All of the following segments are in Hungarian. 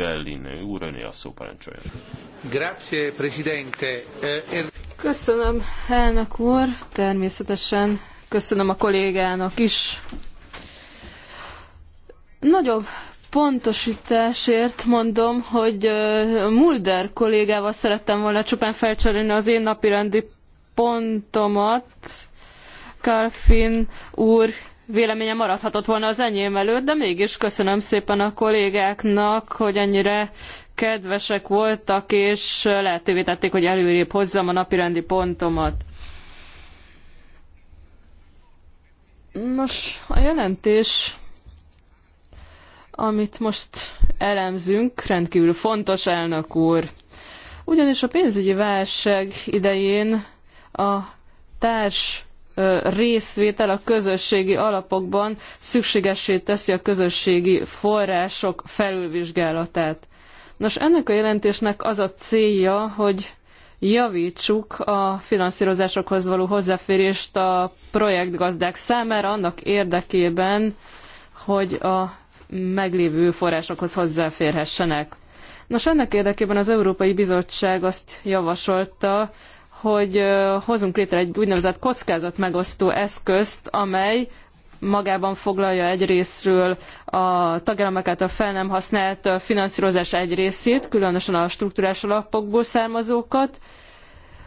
Eh, er- köszönöm, elnök úr, természetesen köszönöm a kollégának is. Nagyobb pontosításért mondom, hogy eh, Mulder kollégával szerettem volna csupán felcserélni az én napirendi pontomat. Karfin úr véleménye maradhatott volna az enyém előtt, de mégis köszönöm szépen a kollégáknak, hogy ennyire kedvesek voltak, és lehetővé tették, hogy előrébb hozzam a napirendi pontomat. Nos, a jelentés, amit most elemzünk, rendkívül fontos, elnök úr. Ugyanis a pénzügyi válság idején a társ részvétel a közösségi alapokban szükségessé teszi a közösségi források felülvizsgálatát. Nos, ennek a jelentésnek az a célja, hogy javítsuk a finanszírozásokhoz való hozzáférést a projektgazdák számára annak érdekében, hogy a meglévő forrásokhoz hozzáférhessenek. Nos, ennek érdekében az Európai Bizottság azt javasolta, hogy hozunk létre egy úgynevezett kockázatmegosztó eszközt, amely magában foglalja egy részről a tagállamok által fel nem használt finanszírozás egy részét, különösen a strukturális alapokból származókat,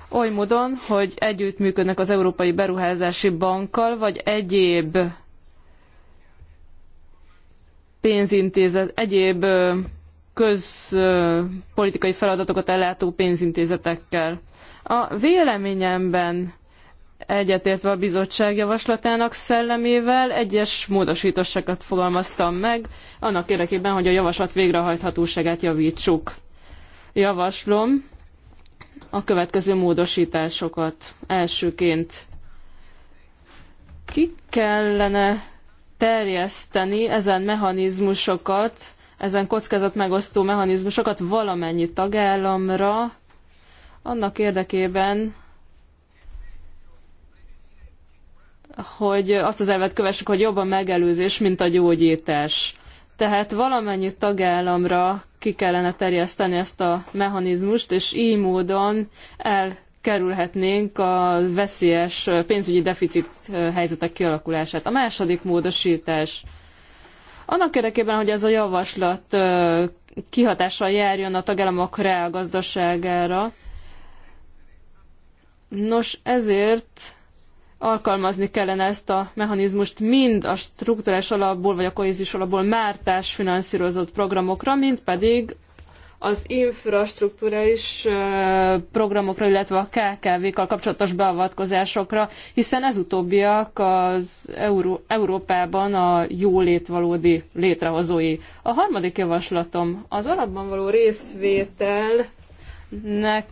oly módon, hogy együttműködnek az Európai Beruházási Bankkal, vagy egyéb pénzintézet, egyéb közpolitikai feladatokat ellátó pénzintézetekkel. A véleményemben egyetértve a bizottság javaslatának szellemével egyes módosításokat fogalmaztam meg, annak érdekében, hogy a javaslat végrehajthatóságát javítsuk. Javaslom a következő módosításokat elsőként. Ki kellene terjeszteni ezen mechanizmusokat, ezen kockázat megosztó mechanizmusokat valamennyi tagállamra, annak érdekében, hogy azt az elvet kövessük, hogy jobban megelőzés, mint a gyógyítás. Tehát valamennyi tagállamra ki kellene terjeszteni ezt a mechanizmust, és így módon elkerülhetnénk a veszélyes pénzügyi deficit helyzetek kialakulását. A második módosítás – annak érdekében, hogy ez a javaslat kihatással járjon a tagállamok reálgazdaságára, nos ezért alkalmazni kellene ezt a mechanizmust mind a struktúrás alapból vagy a kohézis alapból már társfinanszírozott programokra, mind pedig az infrastruktúrális programokra, illetve a kkv kal kapcsolatos beavatkozásokra, hiszen ez utóbbiak az Euró- Európában a jólét valódi létrehozói. A harmadik javaslatom az alapban való részvételnek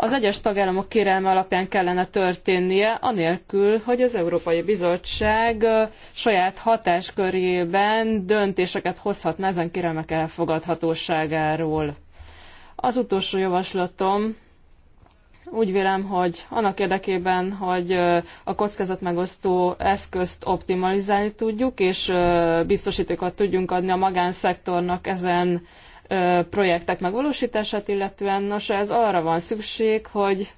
az egyes tagállamok kérelme alapján kellene történnie, anélkül, hogy az Európai Bizottság saját hatáskörében döntéseket hozhatna ezen kérelmek elfogadhatóságáról. Az utolsó javaslatom úgy vélem, hogy annak érdekében, hogy a kockázatmegosztó eszközt optimalizálni tudjuk, és biztosítékot tudjunk adni a magánszektornak ezen projektek megvalósítását illetően. Nos, ez arra van szükség, hogy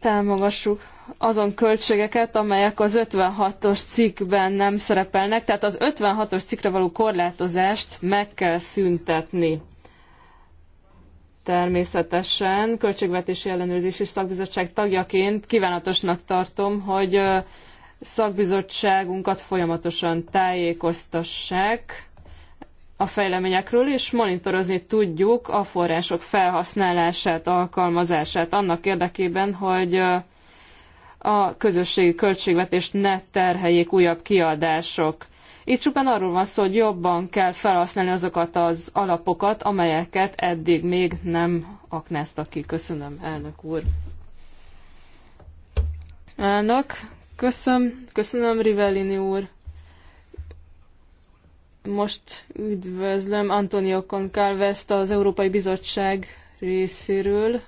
támogassuk azon költségeket, amelyek az 56-os cikkben nem szerepelnek, tehát az 56-os cikkre való korlátozást meg kell szüntetni. Természetesen költségvetési ellenőrzési szakbizottság tagjaként kívánatosnak tartom, hogy szakbizottságunkat folyamatosan tájékoztassák a fejleményekről, és monitorozni tudjuk a források felhasználását, alkalmazását annak érdekében, hogy a közösségi költségvetést ne terheljék újabb kiadások. Itt csupán arról van szó, hogy jobban kell felhasználni azokat az alapokat, amelyeket eddig még nem aknáztak ki. Köszönöm, elnök úr. Elnök, köszönöm, köszönöm Rivellini úr. Most üdvözlöm Antonio Concalvest az Európai Bizottság részéről,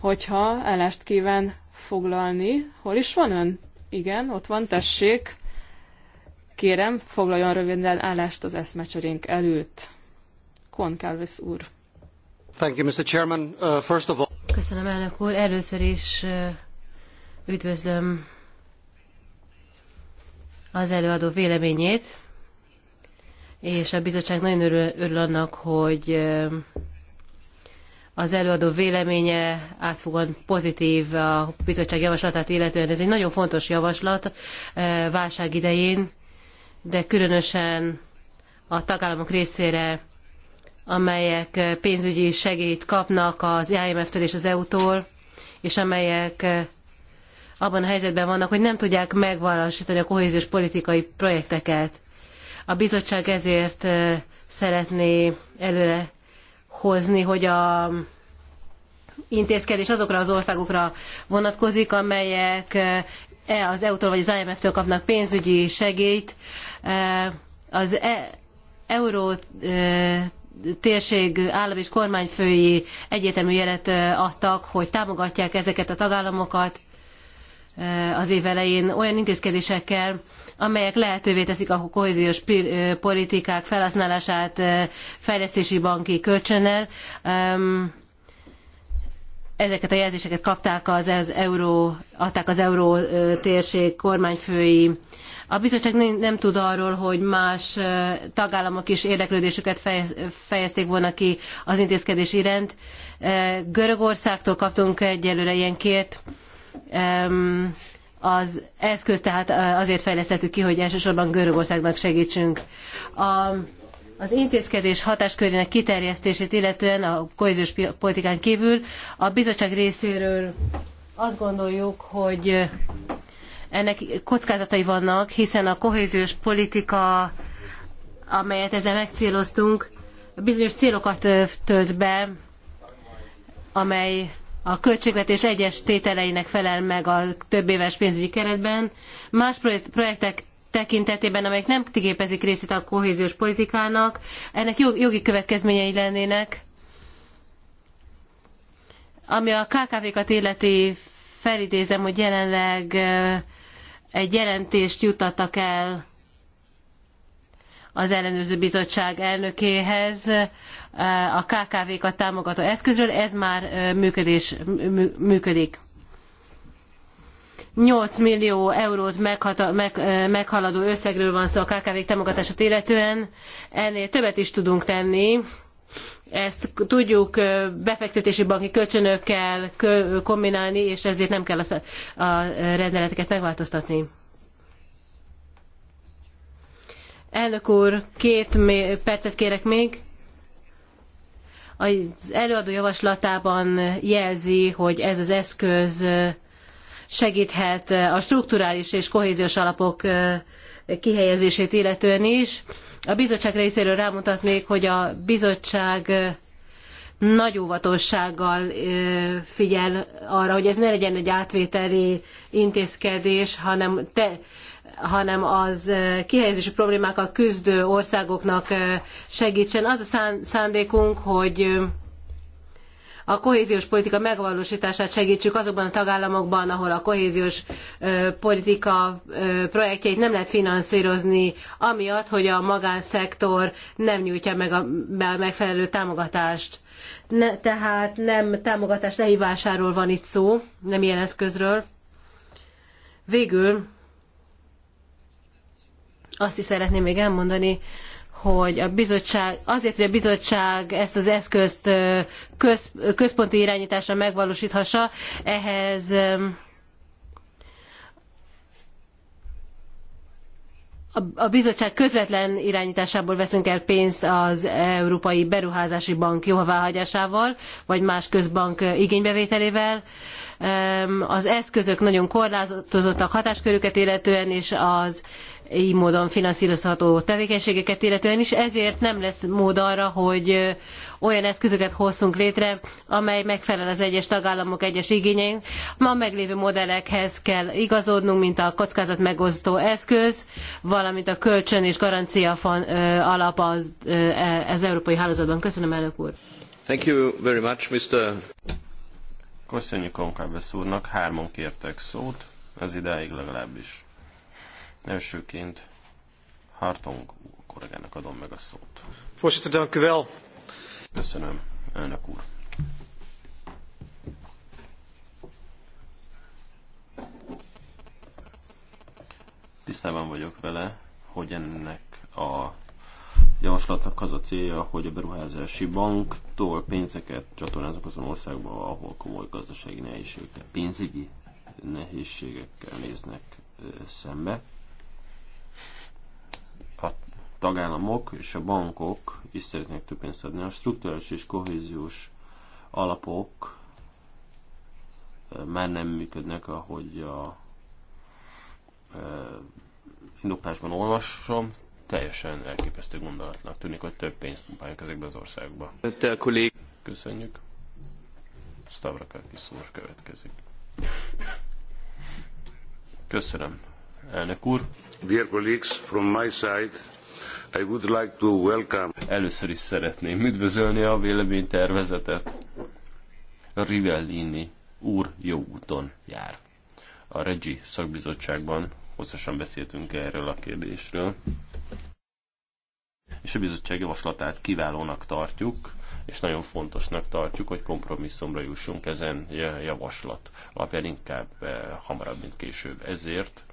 hogyha állást kíván foglalni. Hol is van ön? Igen, ott van, tessék. Kérem, foglaljon röviden állást az eszmecserénk előtt. Concalves úr. Thank you, Mr. Chairman. Uh, first of all... Köszönöm, elnök úr. Először is uh, üdvözlöm az előadó véleményét, és a bizottság nagyon örül, örül annak, hogy az előadó véleménye átfogóan pozitív a bizottság javaslatát illetően. Ez egy nagyon fontos javaslat válság idején, de különösen a tagállamok részére, amelyek pénzügyi segélyt kapnak az IMF-től és az EU-tól, és amelyek abban a helyzetben vannak, hogy nem tudják megvalósítani a kohéziós politikai projekteket. A bizottság ezért szeretné előre hozni, hogy a intézkedés azokra az országokra vonatkozik, amelyek e az EU-tól vagy az IMF-től kapnak pénzügyi segélyt. Az e euró térség állam és kormányfői egyértelmű jelet adtak, hogy támogatják ezeket a tagállamokat, Eh, az év elején olyan intézkedésekkel, amelyek lehetővé teszik a kohéziós eh, politikák felhasználását eh, fejlesztési banki kölcsönnel. Ezeket a jelzéseket kapták az, az euró, adták az euró térség kormányfői. A bizottság nem tud arról, hogy más tagállamok is érdeklődésüket fejezték volna ki az intézkedés iránt. Görögországtól kaptunk egyelőre ilyen kért az eszköz tehát azért fejlesztettük ki, hogy elsősorban Görögországnak segítsünk. A, az intézkedés hatáskörének kiterjesztését illetően a kohéziós politikán kívül a bizottság részéről azt gondoljuk, hogy ennek kockázatai vannak, hiszen a kohéziós politika, amelyet ezzel megcéloztunk, bizonyos célokat tölt be, amely a költségvetés egyes tételeinek felel meg a többéves pénzügyi keretben, más projektek tekintetében, amelyek nem képezik részét a kohéziós politikának, ennek jogi következményei lennének, ami a KKV-kat illeti felidézem, hogy jelenleg egy jelentést juttattak el az ellenőrző bizottság elnökéhez a KKV-kat támogató eszközről, ez már működés, működik. 8 millió eurót meghata, meg, meghaladó összegről van szó a KKV-k támogatását illetően, ennél többet is tudunk tenni, ezt tudjuk befektetési banki kölcsönökkel kombinálni, és ezért nem kell a rendeleteket megváltoztatni. Elnök úr, két percet kérek még. Az előadó javaslatában jelzi, hogy ez az eszköz segíthet a strukturális és kohéziós alapok kihelyezését illetően is. A bizottság részéről rámutatnék, hogy a bizottság nagy óvatossággal figyel arra, hogy ez ne legyen egy átvételi intézkedés, hanem te, hanem az kihelyezési problémákkal küzdő országoknak segítsen. Az a szándékunk, hogy a kohéziós politika megvalósítását segítsük azokban a tagállamokban, ahol a kohéziós politika projektjeit nem lehet finanszírozni, amiatt, hogy a magánszektor nem nyújtja meg a, megfelelő támogatást. Ne, tehát nem támogatás lehívásáról van itt szó, nem ilyen eszközről. Végül azt is szeretném még elmondani, hogy a bizottság, azért, hogy a bizottság ezt az eszközt köz, központi irányításra megvalósíthassa, ehhez a bizottság közvetlen irányításából veszünk el pénzt az Európai Beruházási Bank jóváhagyásával, vagy más közbank igénybevételével. Az eszközök nagyon korlátozottak hatáskörüket illetően, és az így módon finanszírozható tevékenységeket illetően is, ezért nem lesz mód arra, hogy olyan eszközöket hozzunk létre, amely megfelel az egyes tagállamok egyes igényeinek. Ma meglévő modellekhez kell igazodnunk, mint a kockázat megosztó eszköz, valamint a kölcsön és garancia alap az, e, az európai hálózatban. Köszönöm, elnök úr! Thank you very much, Mr. Köszönjük úrnak, hárman kértek szót, ez idáig legalábbis. Elsőként Hartong kollégának adom meg a szót. Köszönöm, elnök úr. Tisztában vagyok vele, hogy ennek a javaslatnak az a célja, hogy a beruházási banktól pénzeket csatornázok azon országba, ahol komoly gazdasági nehézségekkel, pénzügyi nehézségekkel néznek szembe tagállamok és a bankok is szeretnének több pénzt adni. A strukturális és kohéziós alapok eh, már nem működnek, ahogy a eh, indoklásban olvasom, teljesen elképesztő gondolatnak tűnik, hogy több pénzt pumpáljuk ezekbe az országba Te a kollég... Köszönjük. Stavrakakis szóros következik. Köszönöm. Elnök úr. Dear colleagues, from my side, I would like to welcome... Először is szeretném üdvözölni a véleménytervezetet. Rivellini úr jó úton jár. A Regi szakbizottságban hosszasan beszéltünk erről a kérdésről. És a bizottság javaslatát kiválónak tartjuk, és nagyon fontosnak tartjuk, hogy kompromisszumra jussunk ezen javaslat alapján inkább eh, hamarabb, mint később. Ezért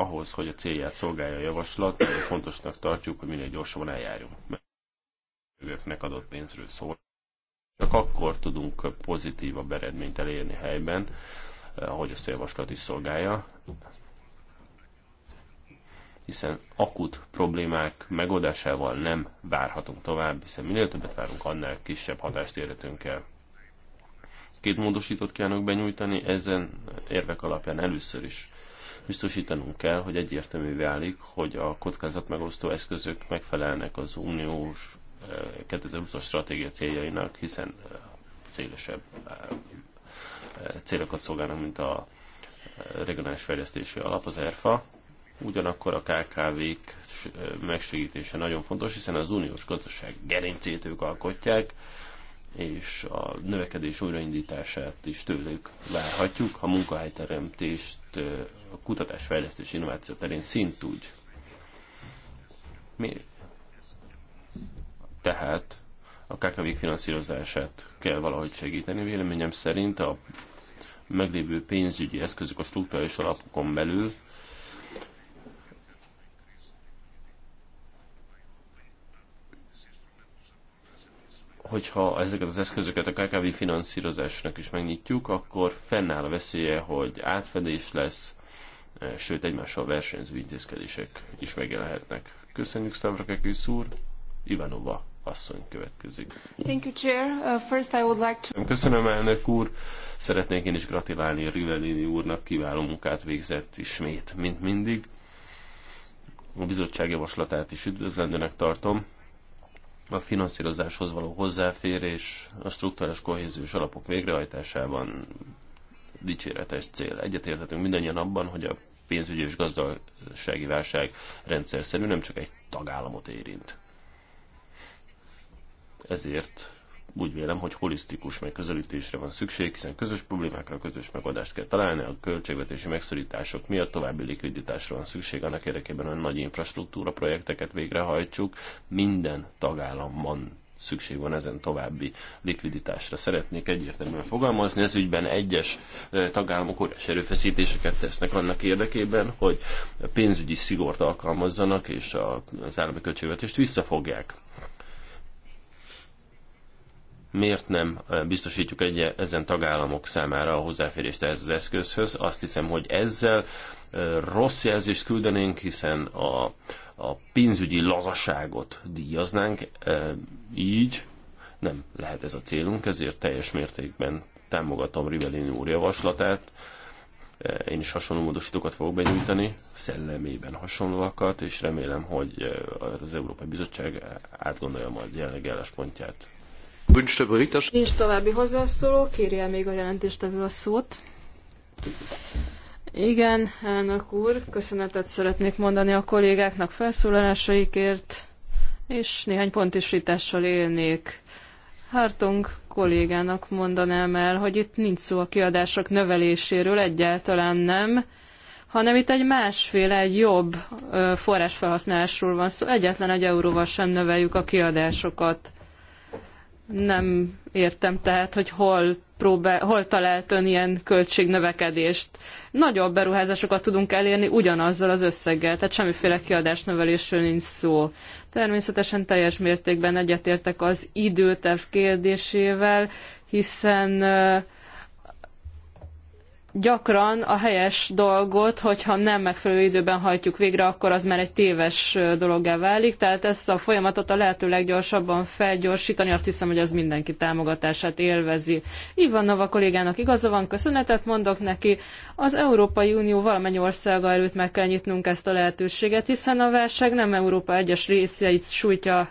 ahhoz, hogy a célját szolgálja a javaslat, fontosnak tartjuk, hogy minél gyorsabban eljárjunk. Mert a adott pénzről szól. Csak akkor tudunk pozitívabb eredményt elérni helyben, ahogy ezt a javaslat is szolgálja, hiszen akut problémák megoldásával nem várhatunk tovább, hiszen minél többet várunk, annál kisebb hatást érhetünk el. Két módosítót kívánok benyújtani, ezen érvek alapján először is Biztosítanunk kell, hogy egyértelművé válik, hogy a kockázatmegosztó eszközök megfelelnek az uniós 2020-as eh, stratégia céljainak, hiszen eh, szélesebb eh, célokat szolgálnak, mint a regionális fejlesztési alap, az ERFA. Ugyanakkor a KKV-k megsegítése nagyon fontos, hiszen az uniós gazdaság gerincét ők alkotják, és a növekedés újraindítását is tőlük várhatjuk, a munkahelyteremtést a kutatásfejlesztés innováció terén úgy. Mi? Tehát a kkv finanszírozását kell valahogy segíteni. Véleményem szerint a meglévő pénzügyi eszközök a struktúrális alapokon belül hogyha ezeket az eszközöket a KKV finanszírozásnak is megnyitjuk, akkor fennáll a veszélye, hogy átfedés lesz, e, sőt egymással versenyző intézkedések is megjelenhetnek. Köszönjük Kekűsz úr, Ivanova asszony következik. Thank you, Chair. Uh, first I would like to... Köszönöm, elnök úr. Szeretnék én is gratulálni Rivellini úrnak, kiváló munkát végzett ismét, mint mindig. A bizottság javaslatát is üdvözlendőnek tartom a finanszírozáshoz való hozzáférés a struktúrás kohéziós alapok végrehajtásában dicséretes cél. Egyetérthetünk mindannyian abban, hogy a pénzügyi és gazdasági válság rendszer szerű nem csak egy tagállamot érint. Ezért úgy vélem, hogy holisztikus megközelítésre van szükség, hiszen közös problémákra közös megoldást kell találni, a költségvetési megszorítások miatt további likviditásra van szükség, annak érdekében, hogy nagy infrastruktúra projekteket végrehajtsuk, minden tagállamban szükség van ezen további likviditásra. Szeretnék egyértelműen fogalmazni, ez ügyben egyes eh, tagállamok óriási erőfeszítéseket tesznek annak érdekében, hogy pénzügyi szigort alkalmazzanak, és az állami költségvetést visszafogják miért nem eh, biztosítjuk egy ezen tagállamok számára a hozzáférést ehhez az eszközhöz. Azt hiszem, hogy ezzel eh, rossz jelzést küldenénk, hiszen a, a pénzügyi lazaságot díjaznánk, eh, így nem lehet ez a célunk, ezért teljes mértékben támogatom Rivelini úr javaslatát. Én is hasonló módosítókat fogok benyújtani, szellemében hasonlóakat, és remélem, hogy az Európai Bizottság átgondolja majd jelenleg álláspontját. Nincs további hozzászóló, kérje még a jelentéstevő a szót. Igen, elnök úr, köszönetet szeretnék mondani a kollégáknak felszólalásaikért, és néhány pontisítással élnék. Hartung kollégának mondanám el, hogy itt nincs szó a kiadások növeléséről, egyáltalán nem, hanem itt egy másféle, egy jobb forrásfelhasználásról van szó. Egyetlen egy euróval sem növeljük a kiadásokat. Nem értem tehát, hogy hol, próbál, hol talált ön ilyen költségnövekedést. Nagyobb beruházásokat tudunk elérni ugyanazzal az összeggel, tehát semmiféle kiadásnövelésről nincs szó. Természetesen teljes mértékben egyetértek az időterv kérdésével, hiszen uh, gyakran a helyes dolgot, hogyha nem megfelelő időben hajtjuk végre, akkor az már egy téves dologgá válik. Tehát ezt a folyamatot a lehető leggyorsabban felgyorsítani, azt hiszem, hogy az mindenki támogatását élvezi. Ivanova kollégának igaza van, köszönetet mondok neki. Az Európai Unió valamennyi országa előtt meg kell nyitnunk ezt a lehetőséget, hiszen a válság nem Európa egyes részeit sújtja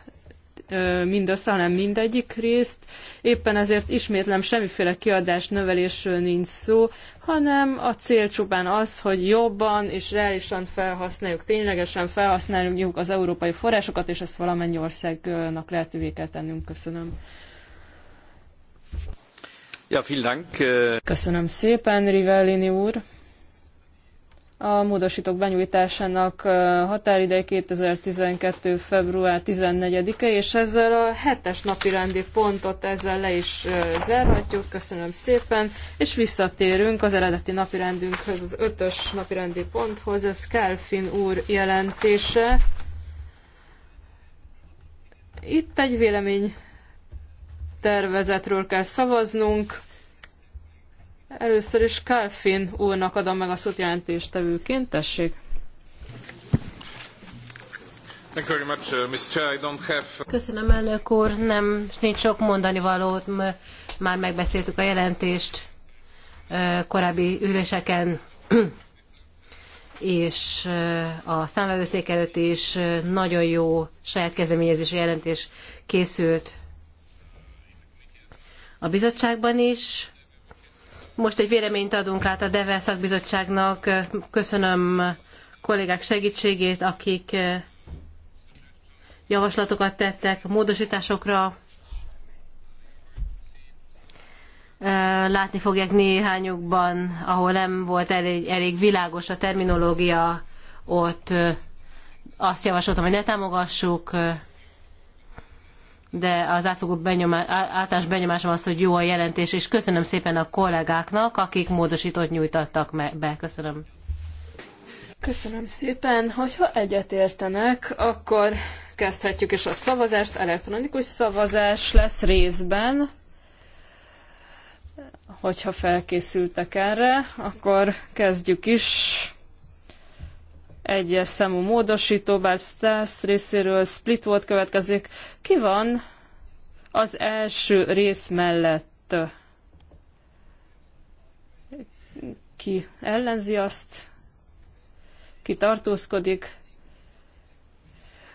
mindössze, hanem mindegyik részt. Éppen ezért ismétlem semmiféle kiadás növelésről nincs szó, hanem a cél csupán az, hogy jobban és reálisan felhasználjuk, ténylegesen felhasználjuk az európai forrásokat, és ezt valamennyi országnak lehetővé kell tennünk. Köszönöm. Ja, vielen Dank. Köszönöm szépen, Rivellini úr. A módosítók benyújtásának határideje 2012. február 14-e, és ezzel a hetes napi rendi pontot ezzel le is zárhatjuk. Köszönöm szépen, és visszatérünk az eredeti napi rendünkhöz, az ötös napi rendi ponthoz. Ez Kelfin úr jelentése. Itt egy vélemény tervezetről kell szavaznunk. Először is Kálfin úrnak adom meg a szót jelentéstevőként. Tessék! Uh, uh, Köszönöm, elnök úr. Nem, nincs sok mondani valót. Már megbeszéltük a jelentést uh, korábbi üléseken, és a számvevőszék előtt is nagyon jó saját kezdeményezésű jelentés készült a bizottságban is most egy véleményt adunk át a DEVE szakbizottságnak. Köszönöm kollégák segítségét, akik eh, javaslatokat tettek módosításokra. Eh, látni fogják néhányukban, ahol nem volt elég, elég világos a terminológia, ott eh, azt javasoltam, hogy ne támogassuk, de az átfogó általános benyomásom az, hogy jó a jelentés, és köszönöm szépen a kollégáknak, akik módosítót nyújtattak be. Köszönöm. Köszönöm szépen. Hogyha egyetértenek, akkor kezdhetjük is a szavazást. Elektronikus szavazás lesz részben. Hogyha felkészültek erre, akkor kezdjük is egyes számú módosító, bár Stas részéről split volt következik. Ki van az első rész mellett? Ki ellenzi azt? Ki tartózkodik?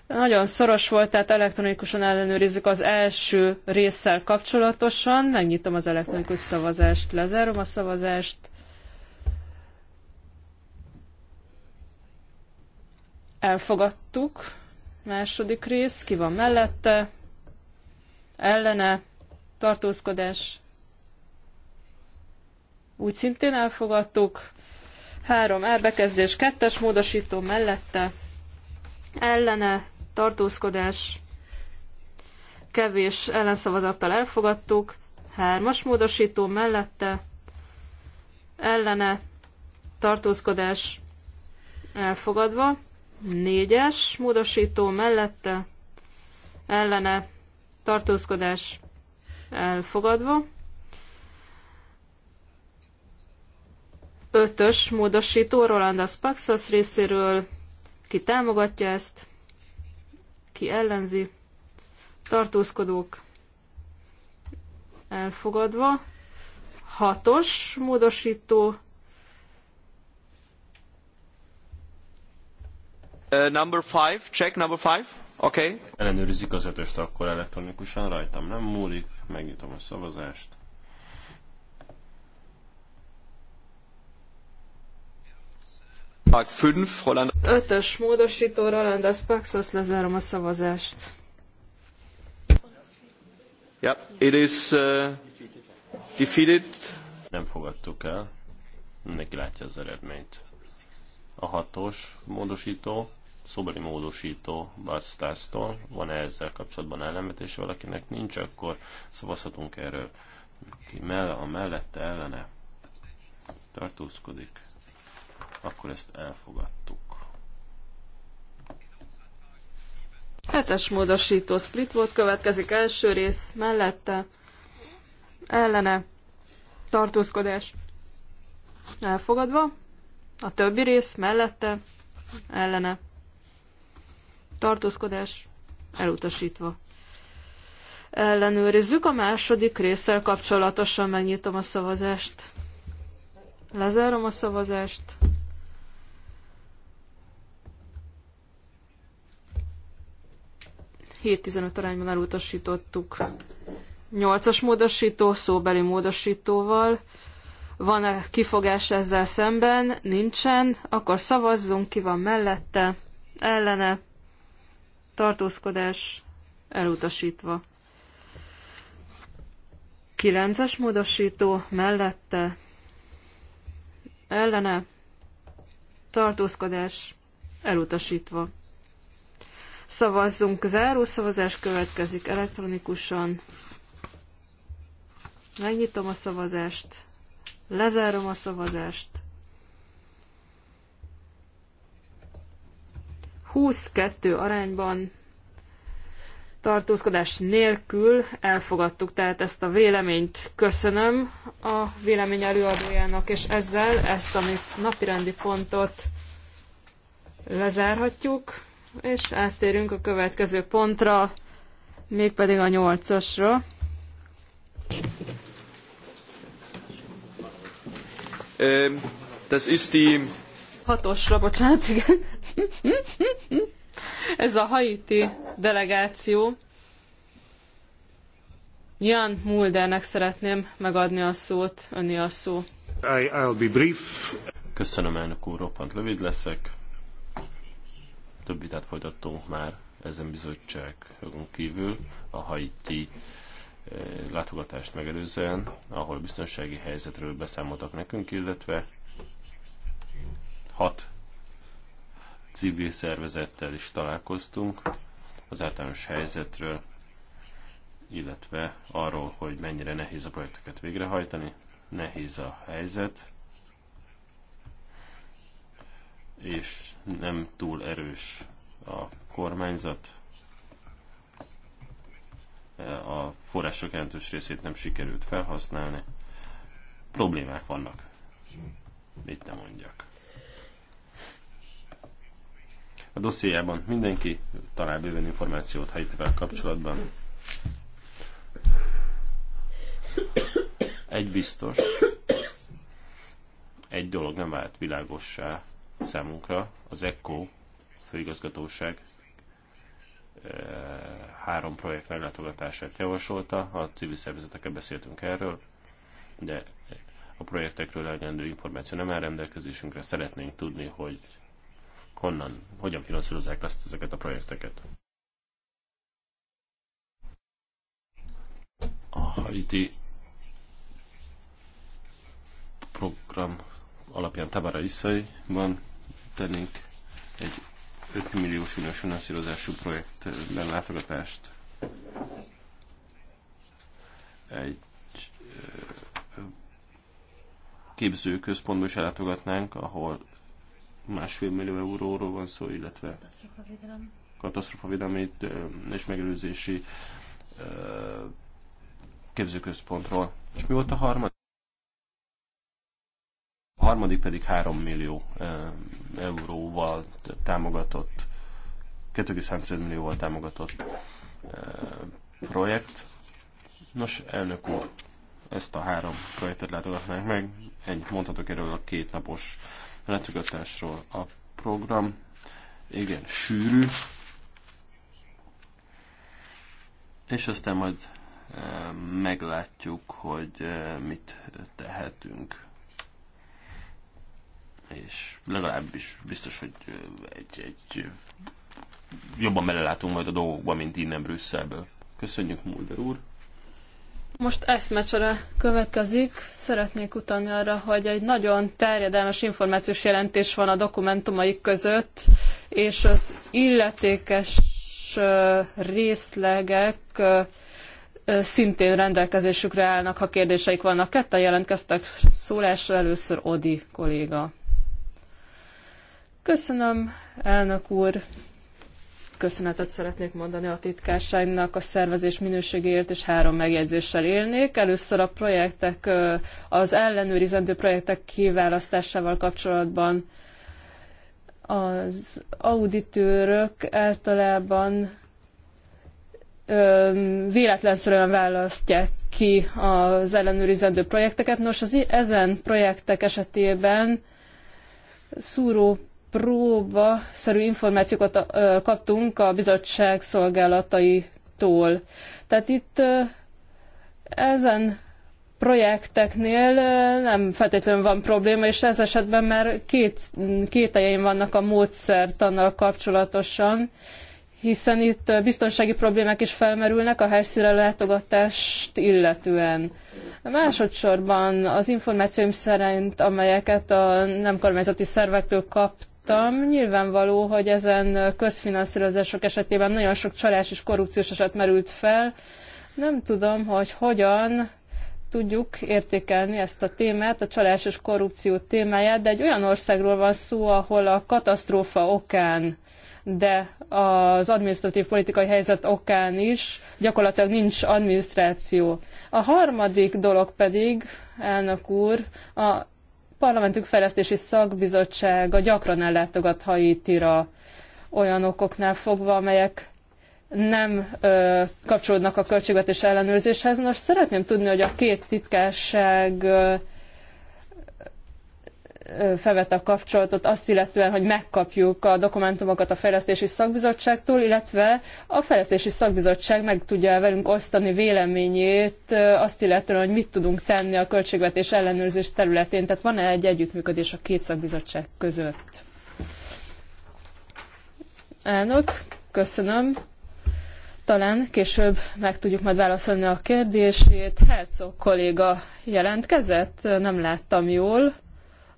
Nagyon szoros volt, tehát elektronikusan ellenőrizzük az első résszel kapcsolatosan. Megnyitom az elektronikus szavazást, lezárom a szavazást. Elfogadtuk. Második rész, ki van mellette, ellene, tartózkodás. Úgy szintén elfogadtuk. Három elbekezdés, kettes módosító mellette, ellene, tartózkodás. Kevés ellenszavazattal elfogadtuk. Hármas módosító mellette, ellene, tartózkodás elfogadva. Négyes módosító mellette ellene tartózkodás elfogadva. Ötös módosító Rolandas Paxas részéről. Ki támogatja ezt? Ki ellenzi? Tartózkodók elfogadva. Hatos módosító Uh, number five, check number five, Ellenőrizik az ötöst akkor elektronikusan, rajtam nem múlik, megnyitom a szavazást. Ötös módosító Rolandas Paxos, lezárom a szavazást. Yep, it is uh, defeated. Nem fogadtuk el. Mindenki látja az eredményt a hatos módosító, szóbeli módosító Bastarstól. Van -e ezzel kapcsolatban ellenvetés valakinek? Nincs, akkor szavazhatunk erről. Ki mell a mellette ellene tartózkodik, akkor ezt elfogadtuk. Hetes módosító split volt, következik első rész mellette, ellene, tartózkodás elfogadva. A többi rész mellette, ellene, tartózkodás elutasítva. Ellenőrizzük a második résszel kapcsolatosan, megnyitom a szavazást. Lezárom a szavazást. tizenöt arányban elutasítottuk. Nyolcas módosító, szóbeli módosítóval. Van-e kifogás ezzel szemben? Nincsen. Akkor szavazzunk, ki van mellette, ellene, tartózkodás elutasítva. Kilences módosító mellette, ellene, tartózkodás elutasítva. Szavazzunk, záró szavazás következik elektronikusan. Megnyitom a szavazást. Lezárom a szavazást. 22 arányban tartózkodás nélkül elfogadtuk tehát ezt a véleményt. Köszönöm a vélemény előadójának, és ezzel ezt a napirendi pontot lezárhatjuk, és áttérünk a következő pontra, mégpedig a nyolcasra. Ehm, das ist die... Hatosra, bocsánat, igen. Ez a haiti delegáció. Jan Muldernek szeretném megadni a szót, önni a szó. I, I'll be brief. Köszönöm, elnök úr, roppant rövid leszek. Több vitát folytattunk már ezen bizottságon kívül a haiti látogatást megelőzően, ahol biztonsági helyzetről beszámoltak nekünk, illetve hat civil szervezettel is találkoztunk az általános helyzetről, illetve arról, hogy mennyire nehéz a projekteket végrehajtani, nehéz a helyzet, és nem túl erős a kormányzat, a források jelentős részét nem sikerült felhasználni. Problémák vannak. Mit nem mondjak. A dossziéjában mindenki talál bőven információt Haitivel kapcsolatban. Egy biztos, egy dolog nem vált világossá számunkra, az ECO főigazgatóság három projekt meglátogatását javasolta, a civil szervezetekkel beszéltünk erről, de a projektekről elegendő információ nem áll rendelkezésünkre, szeretnénk tudni, hogy honnan, hogyan finanszírozzák azt ezeket a projekteket. A Haiti program alapján Tabara Iszai van, tennénk egy 5 milliós uniós finanszírozású projektben látogatást egy képzőközpontba is ellátogatnánk, ahol másfél millió euróról van szó, illetve katasztrofavédelmi és megelőzési képzőközpontról. És mi volt a harmadik? a harmadik pedig 3 millió euróval támogatott, 2,3 millióval támogatott projekt. Nos, elnök úr, ezt a három projektet látogatnánk meg. Ennyit mondhatok erről a két napos látogatásról. A program igen sűrű, és aztán majd meglátjuk, hogy mit tehetünk és legalábbis biztos, hogy egy, egy jobban belelátunk majd a dolgokba, mint innen Brüsszelből. Köszönjük, Mulder úr! Most eszmecsere következik. Szeretnék utalni arra, hogy egy nagyon terjedelmes információs jelentés van a dokumentumaik között, és az illetékes részlegek szintén rendelkezésükre állnak, ha kérdéseik vannak. Ketten jelentkeztek szólásra, először Odi kolléga. Köszönöm, elnök úr. Köszönetet szeretnék mondani a titkárságnak a szervezés minőségéért, és három megjegyzéssel élnék. Először a projektek, az ellenőrizendő projektek kiválasztásával kapcsolatban az auditőrök általában véletlenszerűen választják ki az ellenőrizendő projekteket. Nos, az ezen projektek esetében szúró próba szerű információkat kaptunk a bizottság szolgálataitól. Tehát itt ezen projekteknél nem feltétlenül van probléma, és ez esetben már két, két kételjeim vannak a módszertannal kapcsolatosan, hiszen itt biztonsági problémák is felmerülnek a helyszínre látogatást illetően. Másodszorban az információim szerint, amelyeket a nem kormányzati szervektől kaptam, láttam, nyilvánvaló, hogy ezen közfinanszírozások esetében nagyon sok csalás és korrupciós eset merült fel. Nem tudom, hogy hogyan tudjuk értékelni ezt a témát, a csalás és korrupció témáját, de egy olyan országról van szó, ahol a katasztrófa okán de az administratív politikai helyzet okán is gyakorlatilag nincs adminisztráció. A harmadik dolog pedig, elnök úr, a parlamentünk fejlesztési szakbizottsága gyakran ellátogat Haitira olyan okoknál fogva, amelyek nem ö, kapcsolódnak a költségvetés ellenőrzéshez. Nos, szeretném tudni, hogy a két ö, felvette a kapcsolatot azt illetően, hogy megkapjuk a dokumentumokat a fejlesztési szakbizottságtól, illetve a fejlesztési szakbizottság meg tudja velünk osztani véleményét azt illetően, hogy mit tudunk tenni a költségvetés ellenőrzés területén. Tehát van-e egy együttműködés a két szakbizottság között? Elnök, köszönöm. Talán később meg tudjuk majd válaszolni a kérdését. Herzog kolléga jelentkezett, nem láttam jól.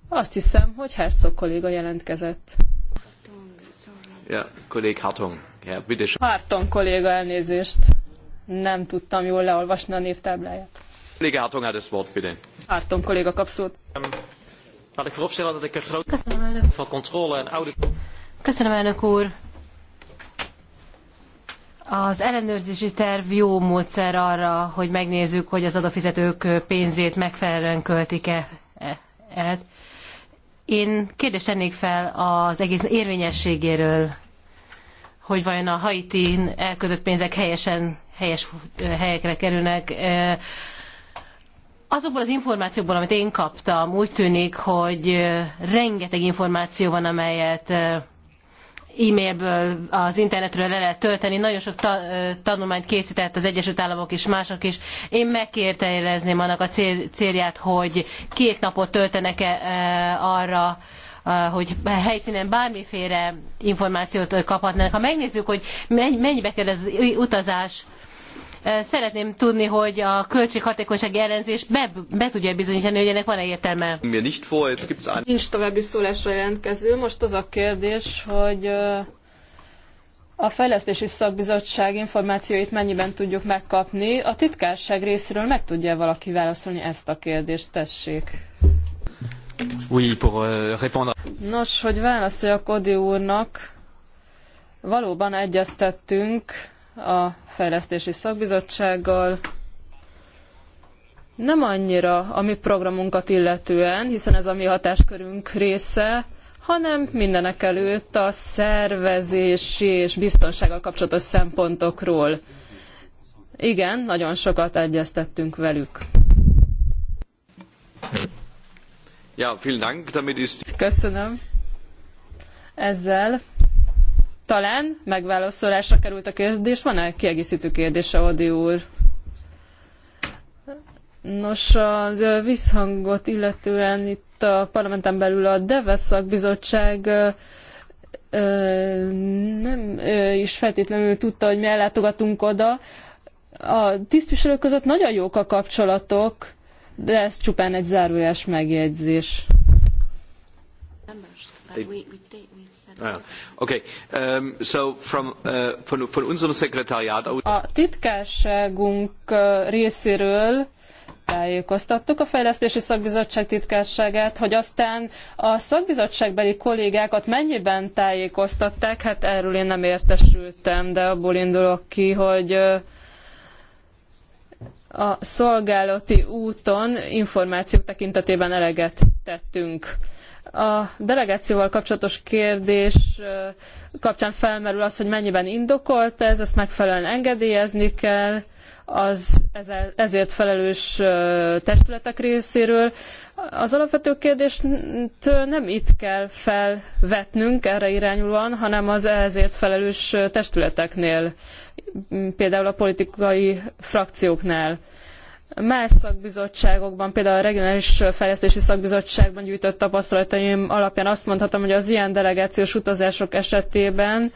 Azt hiszem, hogy Herzog kolléga jelentkezett. Ja, kollég Hartung. Ja, bitte Hartung kolléga elnézést. Nem tudtam jól leolvasni a névtábláját. Kolléga Hartung hat das Wort, bitte. Hartung kolléga kap szót. Laat ik vooropstellen van controle en audit... Köszönöm, elnök úr. Az ellenőrzési terv jó módszer arra, hogy megnézzük, hogy az adófizetők pénzét megfelelően költik-e. -e. Én kérdést tennék fel az egész érvényességéről, hogy vajon a Haiti elködött pénzek helyesen, helyes helyekre kerülnek. Azokból az információkból, amit én kaptam, úgy tűnik, hogy rengeteg információ van, amelyet e-mailből, az internetről le lehet tölteni. Nagyon sok ta, tanulmányt készített az Egyesült Államok és mások is. Én megkérdezném annak a cél, célját, hogy két napot töltenek-e arra, hogy helyszínen bármiféle információt kaphatnának. Ha megnézzük, hogy mennyibe kerül az utazás Szeretném tudni, hogy a költséghatékonysági ellenzés be, be tudja bizonyítani, hogy ennek van-e értelme. Nincs további szólásra jelentkező. Most az a kérdés, hogy a Fejlesztési Szakbizottság információit mennyiben tudjuk megkapni. A titkárság részéről meg tudja valaki válaszolni ezt a kérdést? Tessék. Oui, pour, euh, répondre. Nos, hogy válaszoljak Odi úrnak, valóban egyeztettünk a Fejlesztési Szakbizottsággal, nem annyira a mi programunkat illetően, hiszen ez a mi hatáskörünk része, hanem mindenekelőtt a szervezési és biztonsággal kapcsolatos szempontokról. Igen, nagyon sokat egyeztettünk velük. Ja, vielen Dank, damit ist... Köszönöm. Ezzel talán megválaszolásra került a kérdés. Van-e kiegészítő kérdése, Odi úr? Nos, a visszhangot illetően itt a parlamenten belül a Deveszak bizottság nem is feltétlenül tudta, hogy mi ellátogatunk oda. A tisztviselők között nagyon jók a kapcsolatok, de ez csupán egy zárójás megjegyzés. Ah, okay. Um, so from, uh, von, von unserem Sekretariat aus... A titkárságunk uh, részéről tájékoztattuk a Fejlesztési Szakbizottság titkárságát, hogy aztán a szakbizottságbeli kollégákat mennyiben tájékoztatták, hát erről én nem értesültem, de abból indulok ki, hogy uh, a szolgálati úton információk tekintetében eleget tettünk. A delegációval kapcsolatos kérdés kapcsán felmerül az, hogy mennyiben indokolt ez, ezt megfelelően engedélyezni kell az ezért felelős testületek részéről. Az alapvető kérdést nem itt kell felvetnünk erre irányulóan, hanem az ezért felelős testületeknél, például a politikai frakcióknál. Más szakbizottságokban, például a Regionális Fejlesztési Szakbizottságban gyűjtött tapasztalataim alapján azt mondhatom, hogy az ilyen delegációs utazások esetében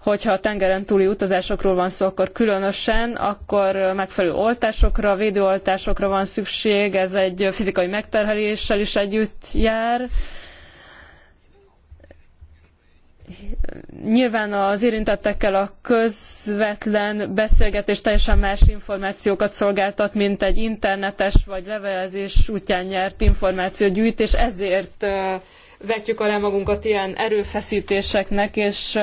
hogyha a tengeren túli utazásokról van szó, akkor különösen, akkor megfelelő oltásokra, védőoltásokra van szükség, ez egy fizikai megterheléssel is együtt jár, nyilván az érintettekkel a közvetlen beszélgetés teljesen más információkat szolgáltat, mint egy internetes vagy levelezés útján nyert információgyűjtés, ezért vetjük alá magunkat ilyen erőfeszítéseknek, és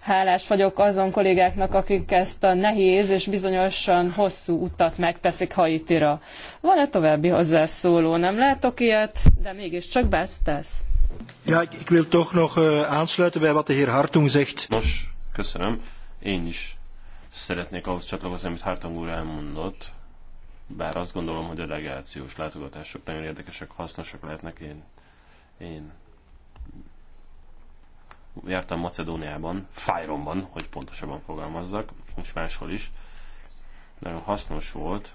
hálás vagyok azon kollégáknak, akik ezt a nehéz és bizonyosan hosszú utat megteszik Haitira. Van-e további hozzászóló? Nem látok ilyet, de mégiscsak besztesz. Ja, ik wil toch nog eh, aansluiten bij wat de heer Hartung zegt. Nos, köszönöm. Én is szeretnék ahhoz csatlakozni, amit Hartung úr elmondott. Bár azt gondolom, hogy a delegációs látogatások nagyon érdekesek, hasznosak lehetnek. Én, én jártam Macedóniában, Fájronban, hogy pontosabban fogalmazzak, és máshol is. Nagyon hasznos volt.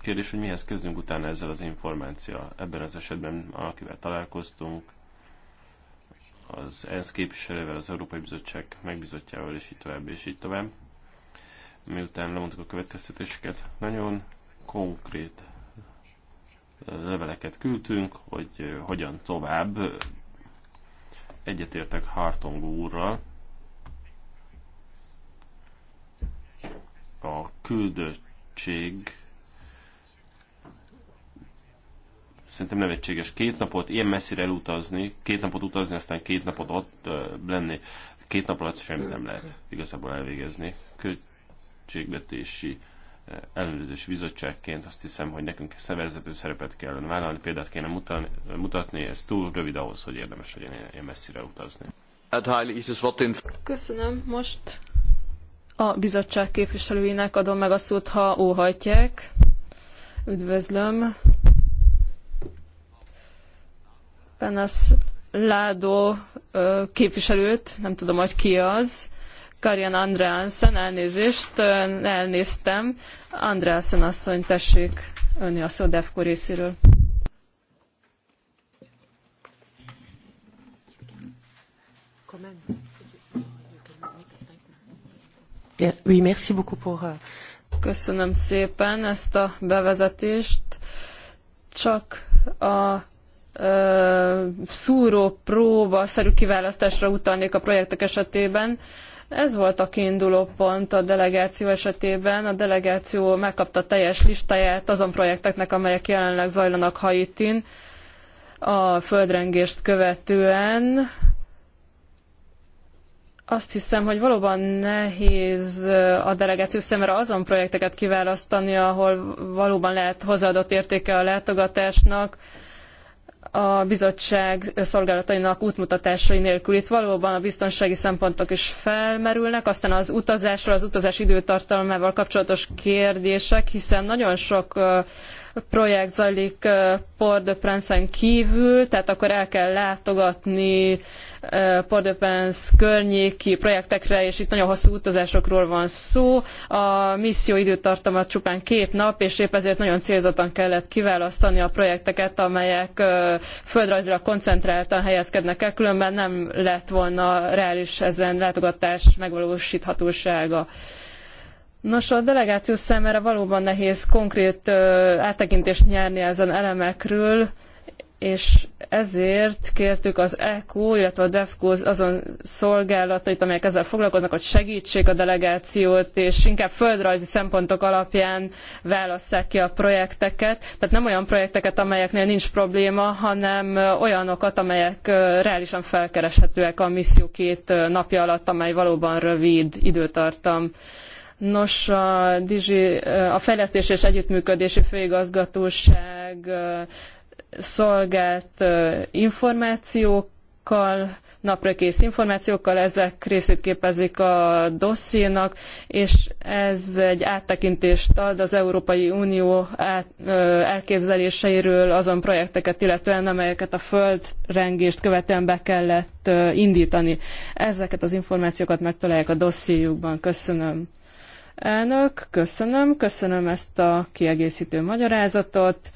Kérdés, hogy mihez kezdünk utána ezzel az információval. Ebben az esetben, akivel találkoztunk, az ENSZ képviselővel, az Európai Bizottság megbizotjával, és így tovább, és így tovább. Miután lemondtuk a következtetéseket, nagyon konkrét eh, leveleket küldtünk, hogy eh, hogyan tovább. Egyetértek Hartong úrral, a küldöttség szerintem nevetséges két napot ilyen messzire elutazni, két napot utazni, aztán két napot ott lenni, két nap alatt semmit nem lehet igazából elvégezni. Költségvetési ellenőrzés bizottságként azt hiszem, hogy nekünk szervezető szerepet kellene vállalni, példát kéne mutatni, mutatni, ez túl rövid ahhoz, hogy érdemes legyen ilyen messzire utazni. Hát, Köszönöm, most a bizottság képviselőinek adom meg a szót, ha óhajtják. Üdvözlöm Penasz Ládó képviselőt, nem tudom, hogy ki az, Karjan Andreasen, elnézést, elnéztem. Andreasen asszony, tessék, önni a szó DEFCO részéről. Euh, Köszönöm szépen ezt a bevezetést. Csak a szúró próba szerű kiválasztásra utalnék a projektek esetében. Ez volt a kiinduló pont a delegáció esetében. A delegáció megkapta teljes listáját azon projekteknek, amelyek jelenleg zajlanak Haitin a földrengést követően. Azt hiszem, hogy valóban nehéz a delegáció szemre azon projekteket kiválasztani, ahol valóban lehet hozzáadott értéke a látogatásnak, a bizottság szolgálatainak útmutatásai nélkül. Itt valóban a biztonsági szempontok is felmerülnek, aztán az utazásról, az utazás időtartalmával kapcsolatos kérdések, hiszen nagyon sok projekt zajlik Port-de-Prince-en kívül, tehát akkor el kell látogatni Port-de-Prince környéki projektekre, és itt nagyon hosszú utazásokról van szó. A misszió időtartama csupán két nap, és épp ezért nagyon célzottan kellett kiválasztani a projekteket, amelyek földrajzilag koncentráltan helyezkednek el, különben nem lett volna reális ezen látogatás megvalósíthatósága. Nos, a delegáció számára valóban nehéz konkrét áttekintést nyerni ezen elemekről, és ezért kértük az ECO, illetve a DEFCO azon szolgálatait, amelyek ezzel foglalkoznak, hogy segítsék a delegációt, és inkább földrajzi szempontok alapján válasszák ki a projekteket. Tehát nem olyan projekteket, amelyeknél nincs probléma, hanem olyanokat, amelyek reálisan felkereshetőek a misszió két napja alatt, amely valóban rövid időtartam. Nos, a, Digi, a Fejlesztés és Együttműködési Főigazgatóság szolgált információkkal, naprakész információkkal, ezek részét képezik a dossziénak, és ez egy áttekintést ad az Európai Unió át, elképzeléseiről azon projekteket, illetően amelyeket a földrengést követően be kellett indítani. Ezeket az információkat megtalálják a dossziéjukban. Köszönöm. Elnök, köszönöm, köszönöm ezt a kiegészítő magyarázatot.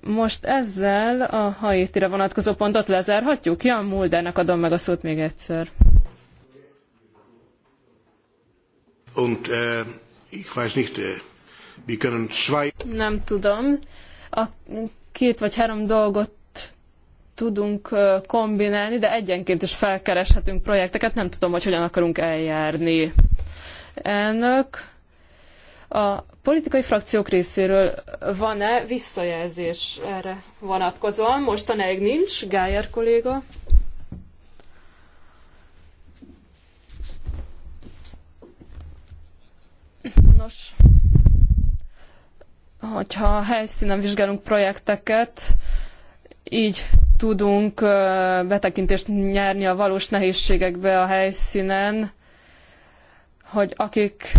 Most ezzel a haétire vonatkozó pontot lezárhatjuk. Jan Muldernek adom meg a szót még egyszer. Und, uh, ich weiß nicht, äh, wir können Nem tudom. A két vagy három dolgot tudunk kombinálni, de egyenként is felkereshetünk projekteket. Nem tudom, hogy hogyan akarunk eljárni. Elnök, a politikai frakciók részéről van-e visszajelzés erre vonatkozóan? Mostanáig nincs, Gájer kolléga. Nos, hogyha a helyszínen vizsgálunk projekteket, így tudunk betekintést nyerni a valós nehézségekbe a helyszínen, hogy akik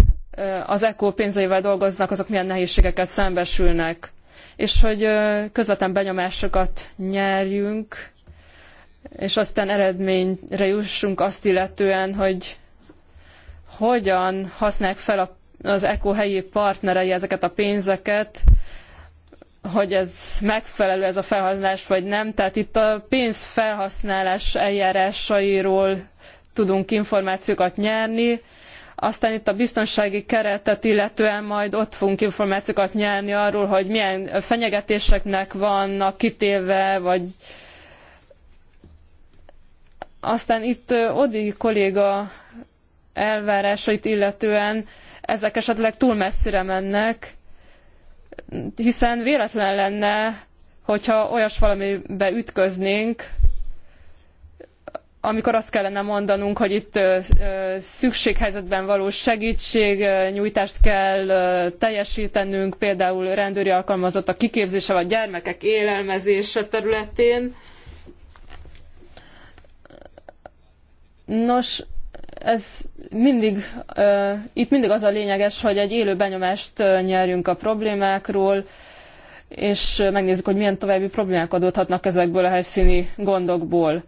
az ECO pénzeivel dolgoznak, azok milyen nehézségekkel szembesülnek, és hogy közvetlen benyomásokat nyerjünk, és aztán eredményre jussunk azt illetően, hogy hogyan használják fel az ECO helyi partnerei ezeket a pénzeket, hogy ez megfelelő ez a felhasználás, vagy nem. Tehát itt a pénz felhasználás eljárásairól tudunk információkat nyerni, aztán itt a biztonsági keretet illetően majd ott fogunk információkat nyerni arról, hogy milyen fenyegetéseknek vannak kitéve, vagy aztán itt Odi kolléga elvárásait illetően ezek esetleg túl messzire mennek, hiszen véletlen lenne, hogyha olyas valamibe ütköznénk, amikor azt kellene mondanunk, hogy itt szükséghelyzetben való segítségnyújtást kell teljesítenünk, például rendőri alkalmazottak kiképzése, vagy gyermekek élelmezése területén. Nos, ez mindig, itt mindig az a lényeges, hogy egy élő benyomást nyerjünk a problémákról, és megnézzük, hogy milyen további problémák adódhatnak ezekből a helyszíni gondokból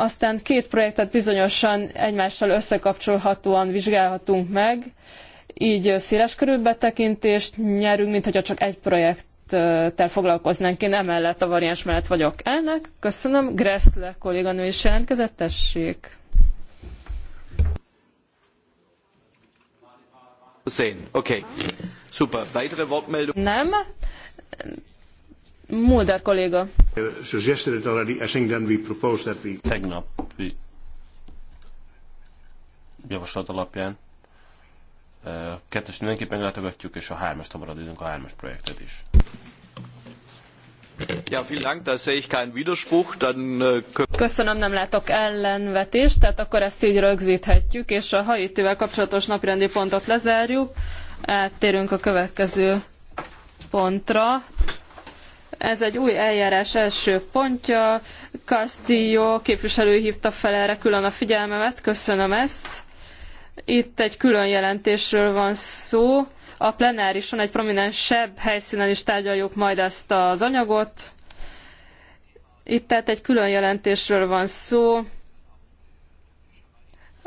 aztán két projektet bizonyosan egymással összekapcsolhatóan vizsgálhatunk meg, így széles körű betekintést nyerünk, mint hogyha csak egy projekt tel foglalkoznánk. Én emellett a variáns mellett vagyok elnök. Köszönöm. Gressle kolléganő is jelentkezett. Tessék. Nem. Mulder kolléga. Suggested Tegnapi javaslat alapján kettest mindenképpen látogatjuk, és a hármast marad időnk a hármas projektet is. Ja, vielen Dank, da sehe ich keinen Widerspruch, dann... Äh, Köszönöm, nem látok ellenvetést, tehát akkor ezt így rögzíthetjük, és a haitivel kapcsolatos napirendi pontot lezárjuk. Áttérünk a következő pontra. Ez egy új eljárás első pontja. Castillo képviselő hívta fel erre külön a figyelmemet, köszönöm ezt. Itt egy külön jelentésről van szó. A plenárison egy prominensebb helyszínen is tárgyaljuk majd ezt az anyagot. Itt tehát egy külön jelentésről van szó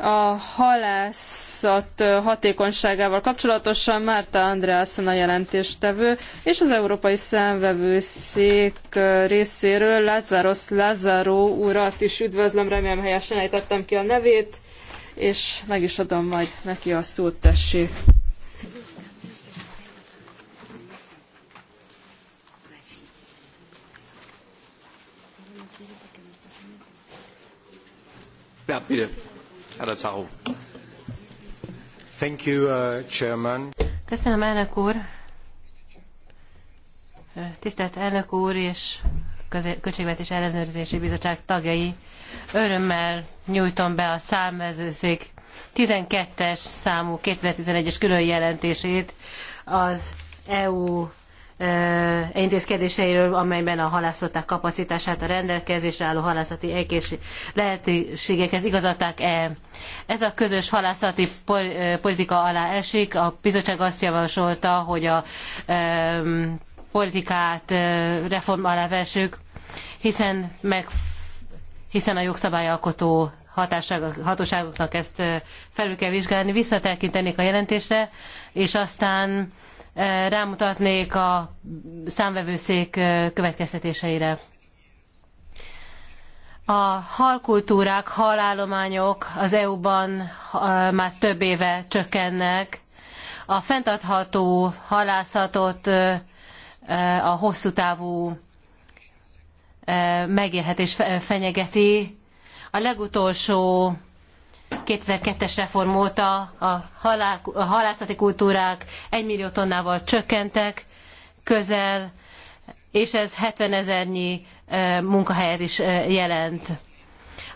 a halászat hatékonyságával kapcsolatosan Márta Andreasen a jelentéstevő, és az Európai Számvevőszék részéről Lázáros Lázáró urat is üdvözlöm, remélem helyesen ejtettem ki a nevét, és meg is adom majd neki a szót, tessék. Ja, Hát uh, Köszönöm, elnök úr. Tisztelt elnök úr és Költségvetés Ellenőrzési Bizottság tagjai, örömmel nyújtom be a számvezőszék 12-es számú 2011-es külön jelentését az EU intézkedéseiről, amelyben a halászflották kapacitását a rendelkezésre álló halászati egészség lehetőségekhez igazadták-e. Ez a közös halászati politika alá esik. A bizottság azt javasolta, hogy a politikát reform alá vessük, hiszen, meg, hiszen a jogszabályalkotó hatóságoknak ezt felül kell vizsgálni, visszatekintenék a jelentésre, és aztán Eh, rámutatnék a számvevőszék eh, következtetéseire. A halkultúrák, halállományok az EU-ban eh, már több éve csökkennek. A fenntartható halászatot a hosszú távú megélhetés fenyegeti. A legutolsó 2002-es reform óta a, halál, a halászati kultúrák 1 millió tonnával csökkentek közel, és ez 70 ezernyi munkahelyet is jelent.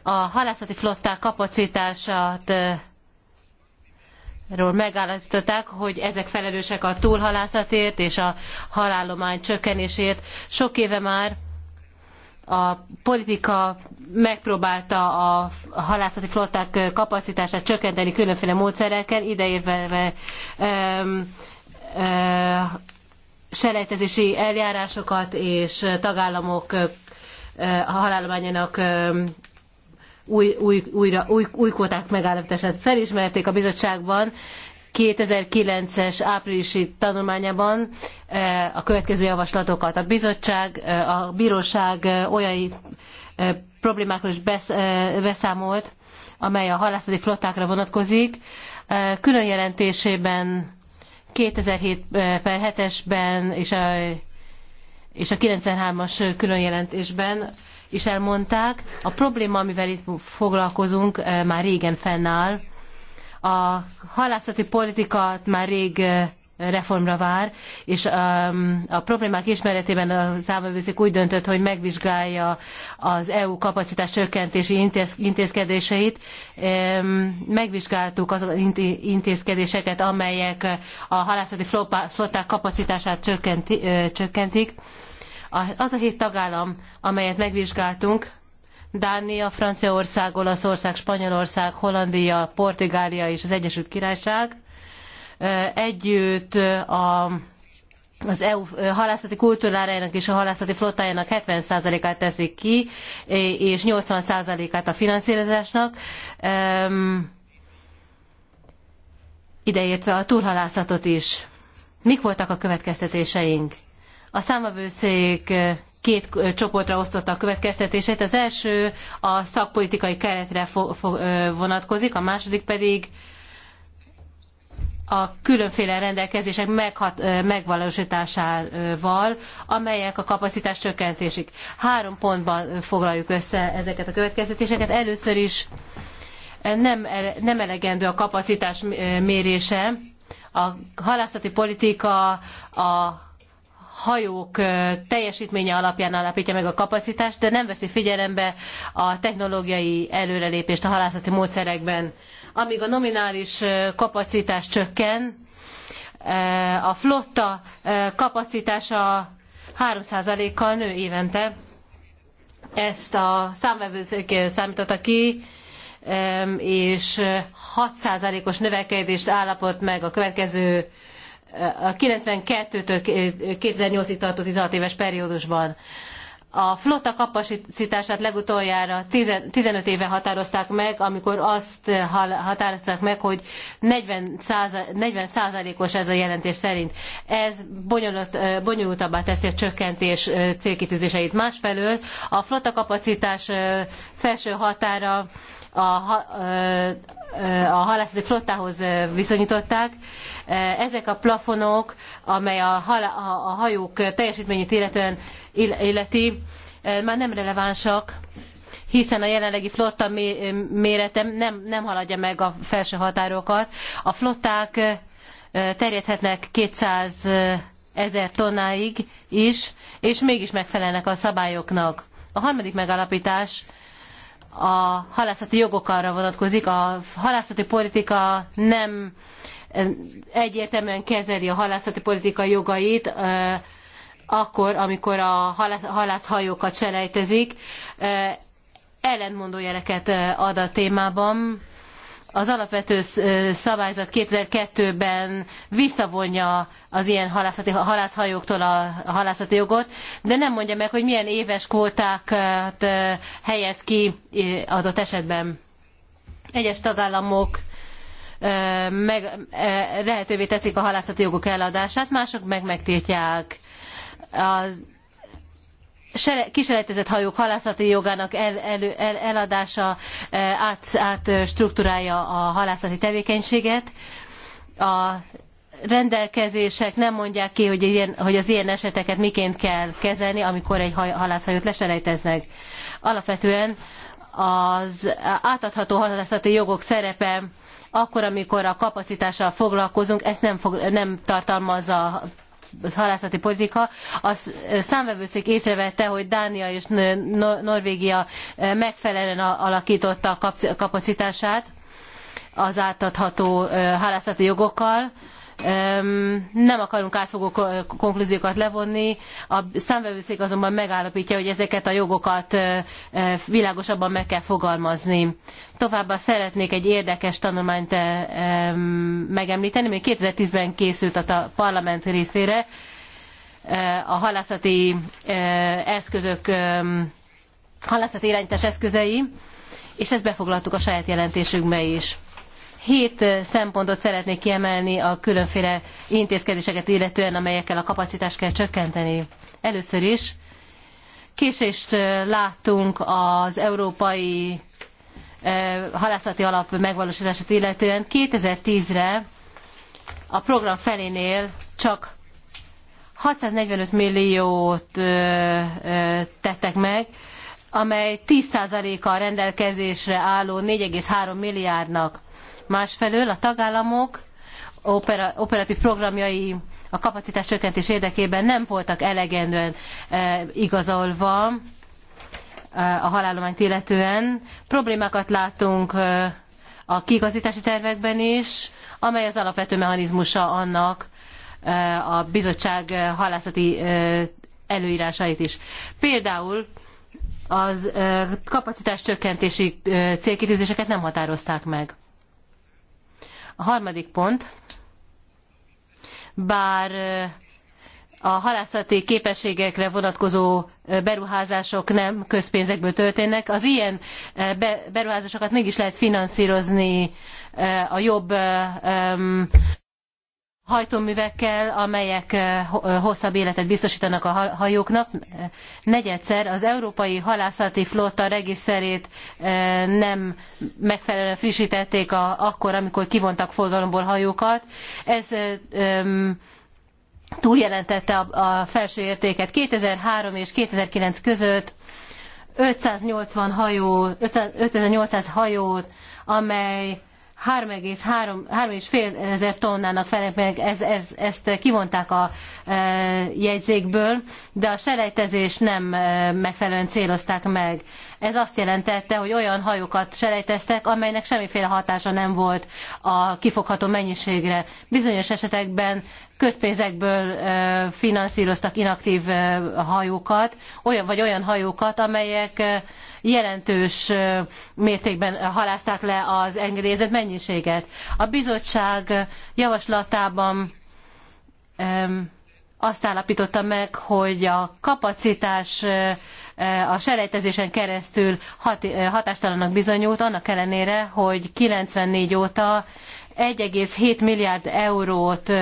A halászati flották kapacitását ról megállapították, hogy ezek felelősek a túlhalászatért és a halállomány csökkenésért. Sok éve már a politika megpróbálta a halászati flották kapacitását csökkenteni különféle módszerekkel, ideérve selejtezési eljárásokat és tagállamok a halálományának új, új, újra, új, új kvóták megállapítását felismerték a bizottságban, 2009-es áprilisi tanulmányában eh, a következő javaslatokat. A bizottság, eh, a bíróság eh, olyan problémákról is beszámolt, amely a halászati flottákra vonatkozik. Külön jelentésében 2007 per 7-esben és a, és a 93-as külön jelentésben is elmondták. A probléma, amivel itt foglalkozunk, már régen fennáll a halászati politikát már rég reformra vár, és a, um, a problémák ismeretében a számövőzik úgy döntött, hogy megvizsgálja az EU kapacitás csökkentési intéz, intézkedéseit. Megvizsgáltuk az intézkedéseket, amelyek a halászati flották kapacitását csökkenti, csökkentik. Az a hét tagállam, amelyet megvizsgáltunk, Dánia, Franciaország, Olaszország, Spanyolország, Hollandia, Portugália és az Egyesült Királyság együtt a az EU halászati kultúrájának és a halászati flottájának 70%-át teszik ki, és 80%-át a finanszírozásnak, ideértve a túlhalászatot is. Mik voltak a következtetéseink? A számavőszék két csoportra osztotta a következtetését. Az első a szakpolitikai keretre vonatkozik, a második pedig a különféle rendelkezések meghat, megvalósításával, amelyek a kapacitás csökkentésig. Három pontban foglaljuk össze ezeket a következtetéseket. Először is nem, nem elegendő a kapacitás mérése. A halászati politika, a hajók teljesítménye alapján állapítja meg a kapacitást, de nem veszi figyelembe a technológiai előrelépést a halászati módszerekben. Amíg a nominális kapacitás csökken, a flotta kapacitása 3%-kal nő évente. Ezt a számvevőszék számította ki, és 6%-os növekedést állapot meg a következő a 92-től 2008-ig tartó 16 éves periódusban. A flotta kapacitását legutoljára 15 éve határozták meg, amikor azt határozták meg, hogy 40 százalékos ez a jelentés szerint. Ez bonyolult, bonyolultabbá teszi a csökkentés célkitűzéseit. Másfelől a flotta kapacitás felső határa a, a halászati flottához viszonyították. Ezek a plafonok, amely a, a hajók teljesítményét illetően illeti, már nem relevánsak, hiszen a jelenlegi flotta mérete nem, nem haladja meg a felső határokat. A flották terjedhetnek 200 ezer tonnáig is, és mégis megfelelnek a szabályoknak. A harmadik megalapítás a halászati jogok arra vonatkozik. A halászati politika nem egyértelműen kezeli a halászati politika jogait, akkor, amikor a halászhajókat selejtezik, ellentmondó jeleket ad a témában, az alapvető szabályzat 2002-ben visszavonja az ilyen halászati, halászhajóktól a, halászati jogot, de nem mondja meg, hogy milyen éves kvótákat helyez ki adott esetben. Egyes tagállamok meg, lehetővé teszik a halászati jogok eladását, mások meg megtiltják. Az kiselejtezett hajók halászati jogának el, el, el, eladása e, átstruktúrálja e, a halászati tevékenységet. A rendelkezések nem mondják ki, hogy, ilyen, hogy az ilyen eseteket miként kell kezelni, amikor egy halászhajót leselejteznek. Alapvetően az átadható halászati jogok szerepe akkor, amikor a kapacitással foglalkozunk, ezt nem, fog, nem tartalmazza a halászati politika, a számvevőszék észrevette, hogy Dánia és Norvégia megfelelően alakította a kapacitását az átadható halászati jogokkal, nem akarunk átfogó konklúziókat levonni, a számvevőszék azonban megállapítja, hogy ezeket a jogokat világosabban meg kell fogalmazni. Továbbá szeretnék egy érdekes tanulmányt megemlíteni, még 2010-ben készült a parlament részére a halászati eszközök, halászati irányítás eszközei, és ezt befoglaltuk a saját jelentésünkbe is. Hét szempontot szeretnék kiemelni a különféle intézkedéseket illetően, amelyekkel a kapacitást kell csökkenteni. Először is késést láttunk az európai halászati alap megvalósítását illetően. 2010-re a program felénél csak 645 milliót tettek meg, amely 10%-a a rendelkezésre álló 4,3 milliárdnak. Másfelől a tagállamok opera, operatív programjai a kapacitás csökkentés érdekében nem voltak elegendően e, igazolva e, a halálományt illetően. Problémákat látunk e, a kiigazítási tervekben is, amely az alapvető mechanizmusa annak e, a bizottság halászati e, előírásait is. Például az e, kapacitás csökkentési e, célkitűzéseket nem határozták meg. A harmadik pont, bár eh, a halászati képességekre vonatkozó eh, beruházások nem közpénzekből történnek, az ilyen eh, beruházásokat mégis lehet finanszírozni a jobb hajtóművekkel, amelyek eh, eh, hosszabb életet biztosítanak a hajóknak. Negyedszer az európai halászati flotta regiszterét eh, nem megfelelően frissítették a, akkor, amikor kivontak forgalomból hajókat. Ez túljelentette a, a felső értéket. 2003 és 2009 között 580 hajó, 5800 hajót, amely 3,5 ezer tonnának felek meg, ez, ez, ezt kivonták a e, jegyzékből, de a selejtezés nem e, megfelelően célozták meg. Ez azt jelentette, hogy olyan hajókat selejteztek, amelynek semmiféle hatása nem volt a kifogható mennyiségre. Bizonyos esetekben közpénzekből e, finanszíroztak inaktív e, hajókat, olyan vagy olyan hajókat, amelyek e, jelentős mértékben halázták le az engedélyezett mennyiséget. A bizottság javaslatában azt állapította meg, hogy a kapacitás a selejtezésen keresztül hat, hatástalannak bizonyult, annak ellenére, hogy 94 óta 1,7 milliárd eurót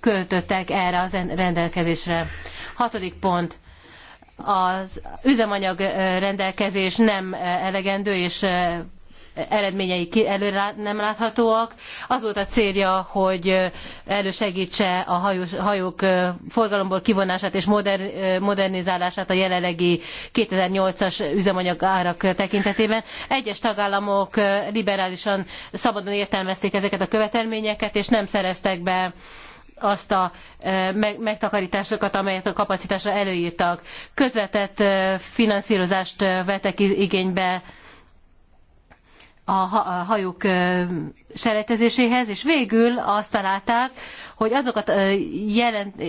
költöttek erre az rendelkezésre. Hatodik pont az üzemanyag rendelkezés nem elegendő, és eredményei előre nem láthatóak. Az volt a célja, hogy elősegítse a hajós, hajók forgalomból kivonását és modernizálását a jelenlegi 2008-as üzemanyag árak tekintetében. Egyes tagállamok liberálisan szabadon értelmezték ezeket a követelményeket, és nem szereztek be azt a e, megtakarításokat, amelyet a kapacitásra előírtak. Közvetett e, finanszírozást e, vetek igénybe a hajók seretezéséhez, és végül azt találták, hogy azokat a jelent,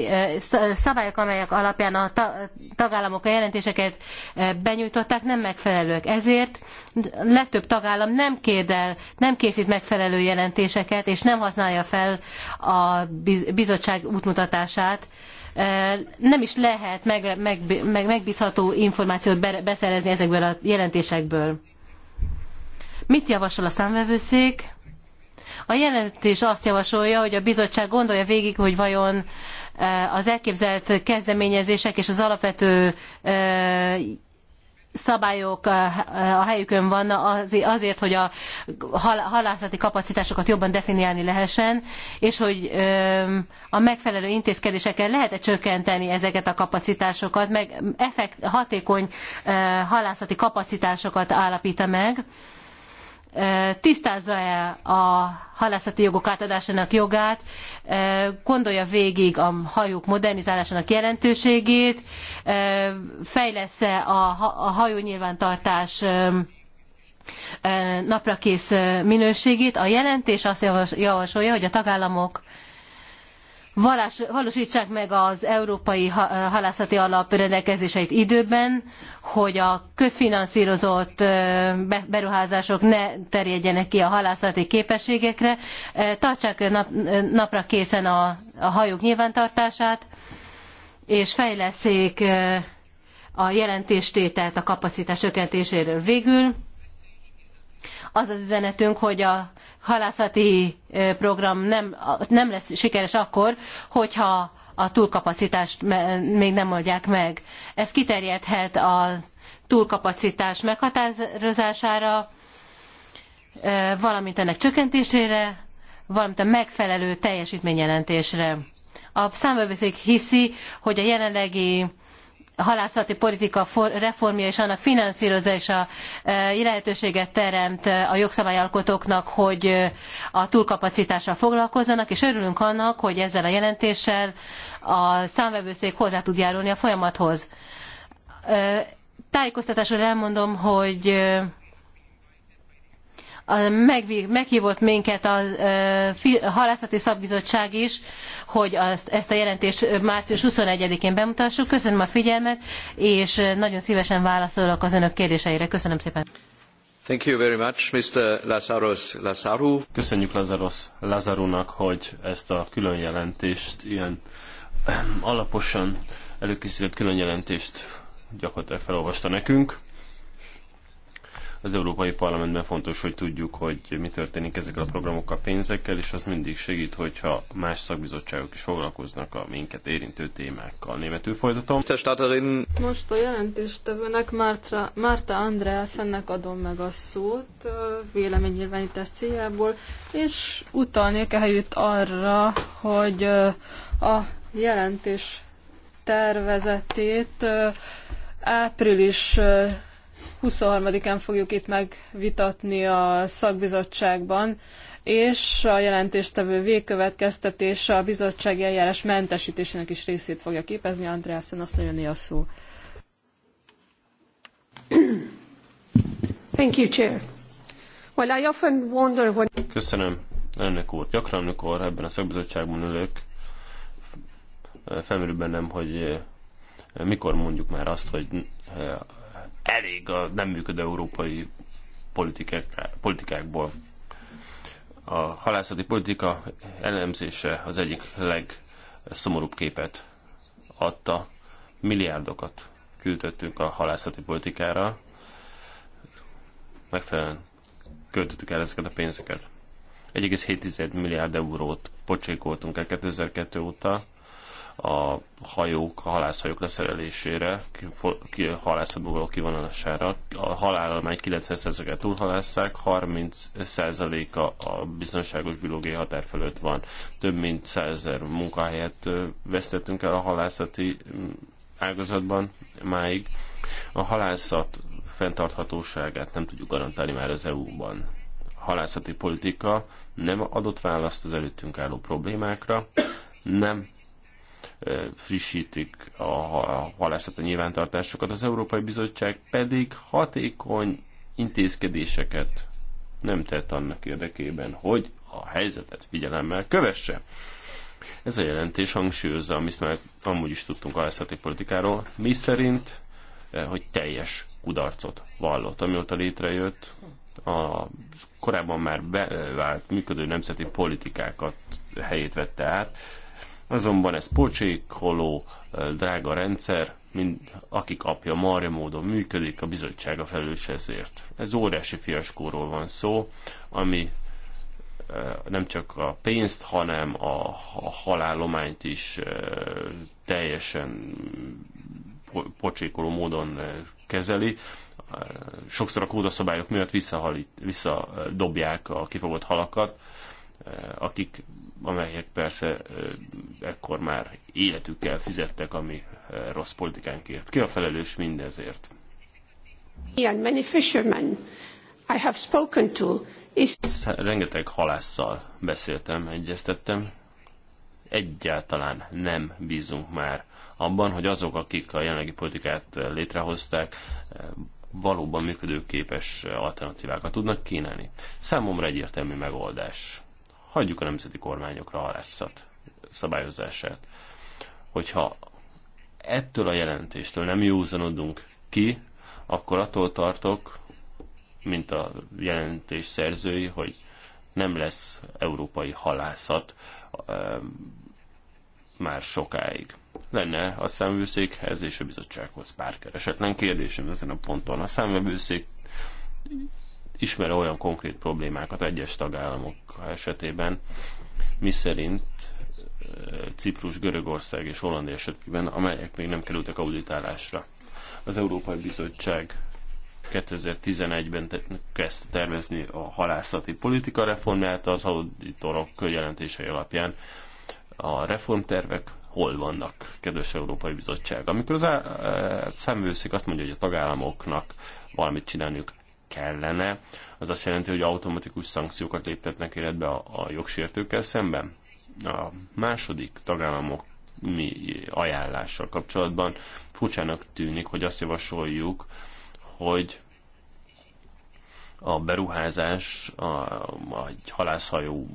szabályok, amelyek alapján a tagállamok a jelentéseket benyújtották, nem megfelelőek. Ezért legtöbb tagállam nem kérdel, nem készít megfelelő jelentéseket, és nem használja fel a bizottság útmutatását nem is lehet meg, meg, meg, megbízható információt beszerezni ezekből a jelentésekből. Mit javasol a számvevőszék? A jelentés azt javasolja, hogy a bizottság gondolja végig, hogy vajon e, az elképzelt kezdeményezések és az alapvető e, szabályok e, a helyükön vannak azért, hogy a halászati kapacitásokat jobban definiálni lehessen, és hogy a megfelelő intézkedésekkel lehet-e csökkenteni ezeket a kapacitásokat, meg effekt, hatékony halászati kapacitásokat állapít meg tisztázza-e a halászati jogok átadásának jogát, gondolja végig a hajók modernizálásának jelentőségét, fejlesz-e a hajó nyilvántartás naprakész minőségét. A jelentés azt javasolja, hogy a tagállamok valás, valósítsák meg az Európai Halászati Alap rendelkezéseit időben, hogy a közfinanszírozott beruházások ne terjedjenek ki a halászati képességekre, tartsák nap, napra készen a, a hajók nyilvántartását, és fejleszék a jelentéstételt a kapacitás csökkentéséről végül az az üzenetünk, hogy a halászati program nem, nem lesz sikeres akkor, hogyha a túlkapacitást még nem oldják meg. Ez kiterjedhet a túlkapacitás meghatározására, valamint ennek csökkentésére, valamint a megfelelő teljesítményjelentésre. A számvevőszék hiszi, hogy a jelenlegi halászati politika reformja és annak finanszírozása e, lehetőséget teremt a jogszabályalkotóknak, hogy e, a túlkapacitással foglalkozzanak, és örülünk annak, hogy ezzel a jelentéssel a számvevőszék hozzá tud járulni a folyamathoz. E, tájékoztatásul elmondom, hogy meghívott minket a halászati szakbizottság is, hogy ezt a jelentést március 21-én bemutassuk. Köszönöm a figyelmet, és nagyon szívesen válaszolok az önök kérdéseire. Köszönöm szépen. Thank you very much, Mr. Lazaros Lazaru. Köszönjük Lazaros Lazarunak, hogy ezt a külön jelentést ilyen alaposan előkészített külön jelentést gyakorlatilag felolvasta nekünk. Az Európai Parlamentben fontos, hogy tudjuk, hogy mi történik ezekkel a programokkal, pénzekkel, és az mindig segít, hogyha más szakbizottságok is foglalkoznak a minket érintő témákkal. Németül folytatom. Most a jelentéstevőnek Márta, Márta András, ennek adom meg a szót véleménynyilvánítás céljából, és utalnék ehelyütt arra, hogy a jelentés tervezetét április 23-án fogjuk itt megvitatni a szakbizottságban, és a jelentéstevő végkövetkeztetése a bizottsági eljárás mentesítésének is részét fogja képezni. Andreasen asszony a szó. Thank you, Chair. Well, I often wonder when... Köszönöm, elnök úr. Gyakran, amikor ebben a szakbizottságban ülök, felmerül bennem, hogy eh, mikor mondjuk már azt, hogy eh, elég a nem működő európai politikákból. A halászati politika elemzése az egyik legszomorúbb képet adta. Milliárdokat küldöttünk a halászati politikára, megfelelően költöttük el ezeket a pénzeket. 1,7 milliárd eurót pocsékoltunk el 2002 óta, a hajók, a halászhajók leszerelésére, ki, halászatból való kivonalására. A halállomány 90%-et túlhalásszák, 30%-a a biztonságos biológiai határ fölött van. Több mint 100 munkahelyet vesztettünk el a halászati ágazatban máig. A halászat fenntarthatóságát nem tudjuk garantálni már az EU-ban. A halászati politika nem adott választ az előttünk álló problémákra, nem frissítik a halászati nyilvántartásokat, az Európai Bizottság pedig hatékony intézkedéseket nem tett annak érdekében, hogy a helyzetet figyelemmel kövesse. Ez a jelentés hangsúlyozza, amit már amúgy is tudtunk halászati politikáról, mi szerint, hogy teljes kudarcot vallott, amióta létrejött a korábban már bevált működő nemzeti politikákat helyét vette át, Azonban ez pocsékoló, drága rendszer, mint akik apja marja módon működik, a bizottsága a felelős ezért. Ez óriási fiaskóról van szó, ami nem csak a pénzt, hanem a, a halállományt is teljesen pocsékoló módon kezeli. Sokszor a kódaszabályok miatt visszadobják a kifogott halakat, akik amelyek persze ekkor már életükkel fizettek, ami rossz politikánkért. Ki a felelős mindezért? many fishermen I have spoken to is... Rengeteg halásszal beszéltem, egyeztettem. Egyáltalán nem bízunk már abban, hogy azok, akik a jelenlegi politikát létrehozták, valóban működőképes alternatívákat tudnak kínálni. Számomra egyértelmű megoldás hagyjuk a nemzeti kormányokra a leszat, szabályozását. Hogyha ettől a jelentéstől nem józanodunk ki, akkor attól tartok, mint a jelentés szerzői, hogy nem lesz európai halászat e, már sokáig. Lenne a számvőszékhez és a bizottsághoz pár keresetlen kérdésem ezen a ponton. A számvőszék ismer olyan konkrét problémákat egyes tagállamok esetében, miszerint eh, Ciprus, Görögország és Hollandia esetében, amelyek még nem kerültek auditálásra. Az Európai Bizottság 2011-ben kezdte tervezni a halászati politika reformját, az auditorok jelentései alapján a reformtervek hol vannak, kedves Európai Bizottság. Amikor az számvőszik azt mondja, hogy a tagállamoknak valamit csinálniuk kellene, az azt jelenti, hogy automatikus szankciókat léptetnek életbe a, a jogsértőkkel szemben. A második tagállamok mi ajánlással kapcsolatban furcsának tűnik, hogy azt javasoljuk, hogy a beruházás, a, a halászhajóra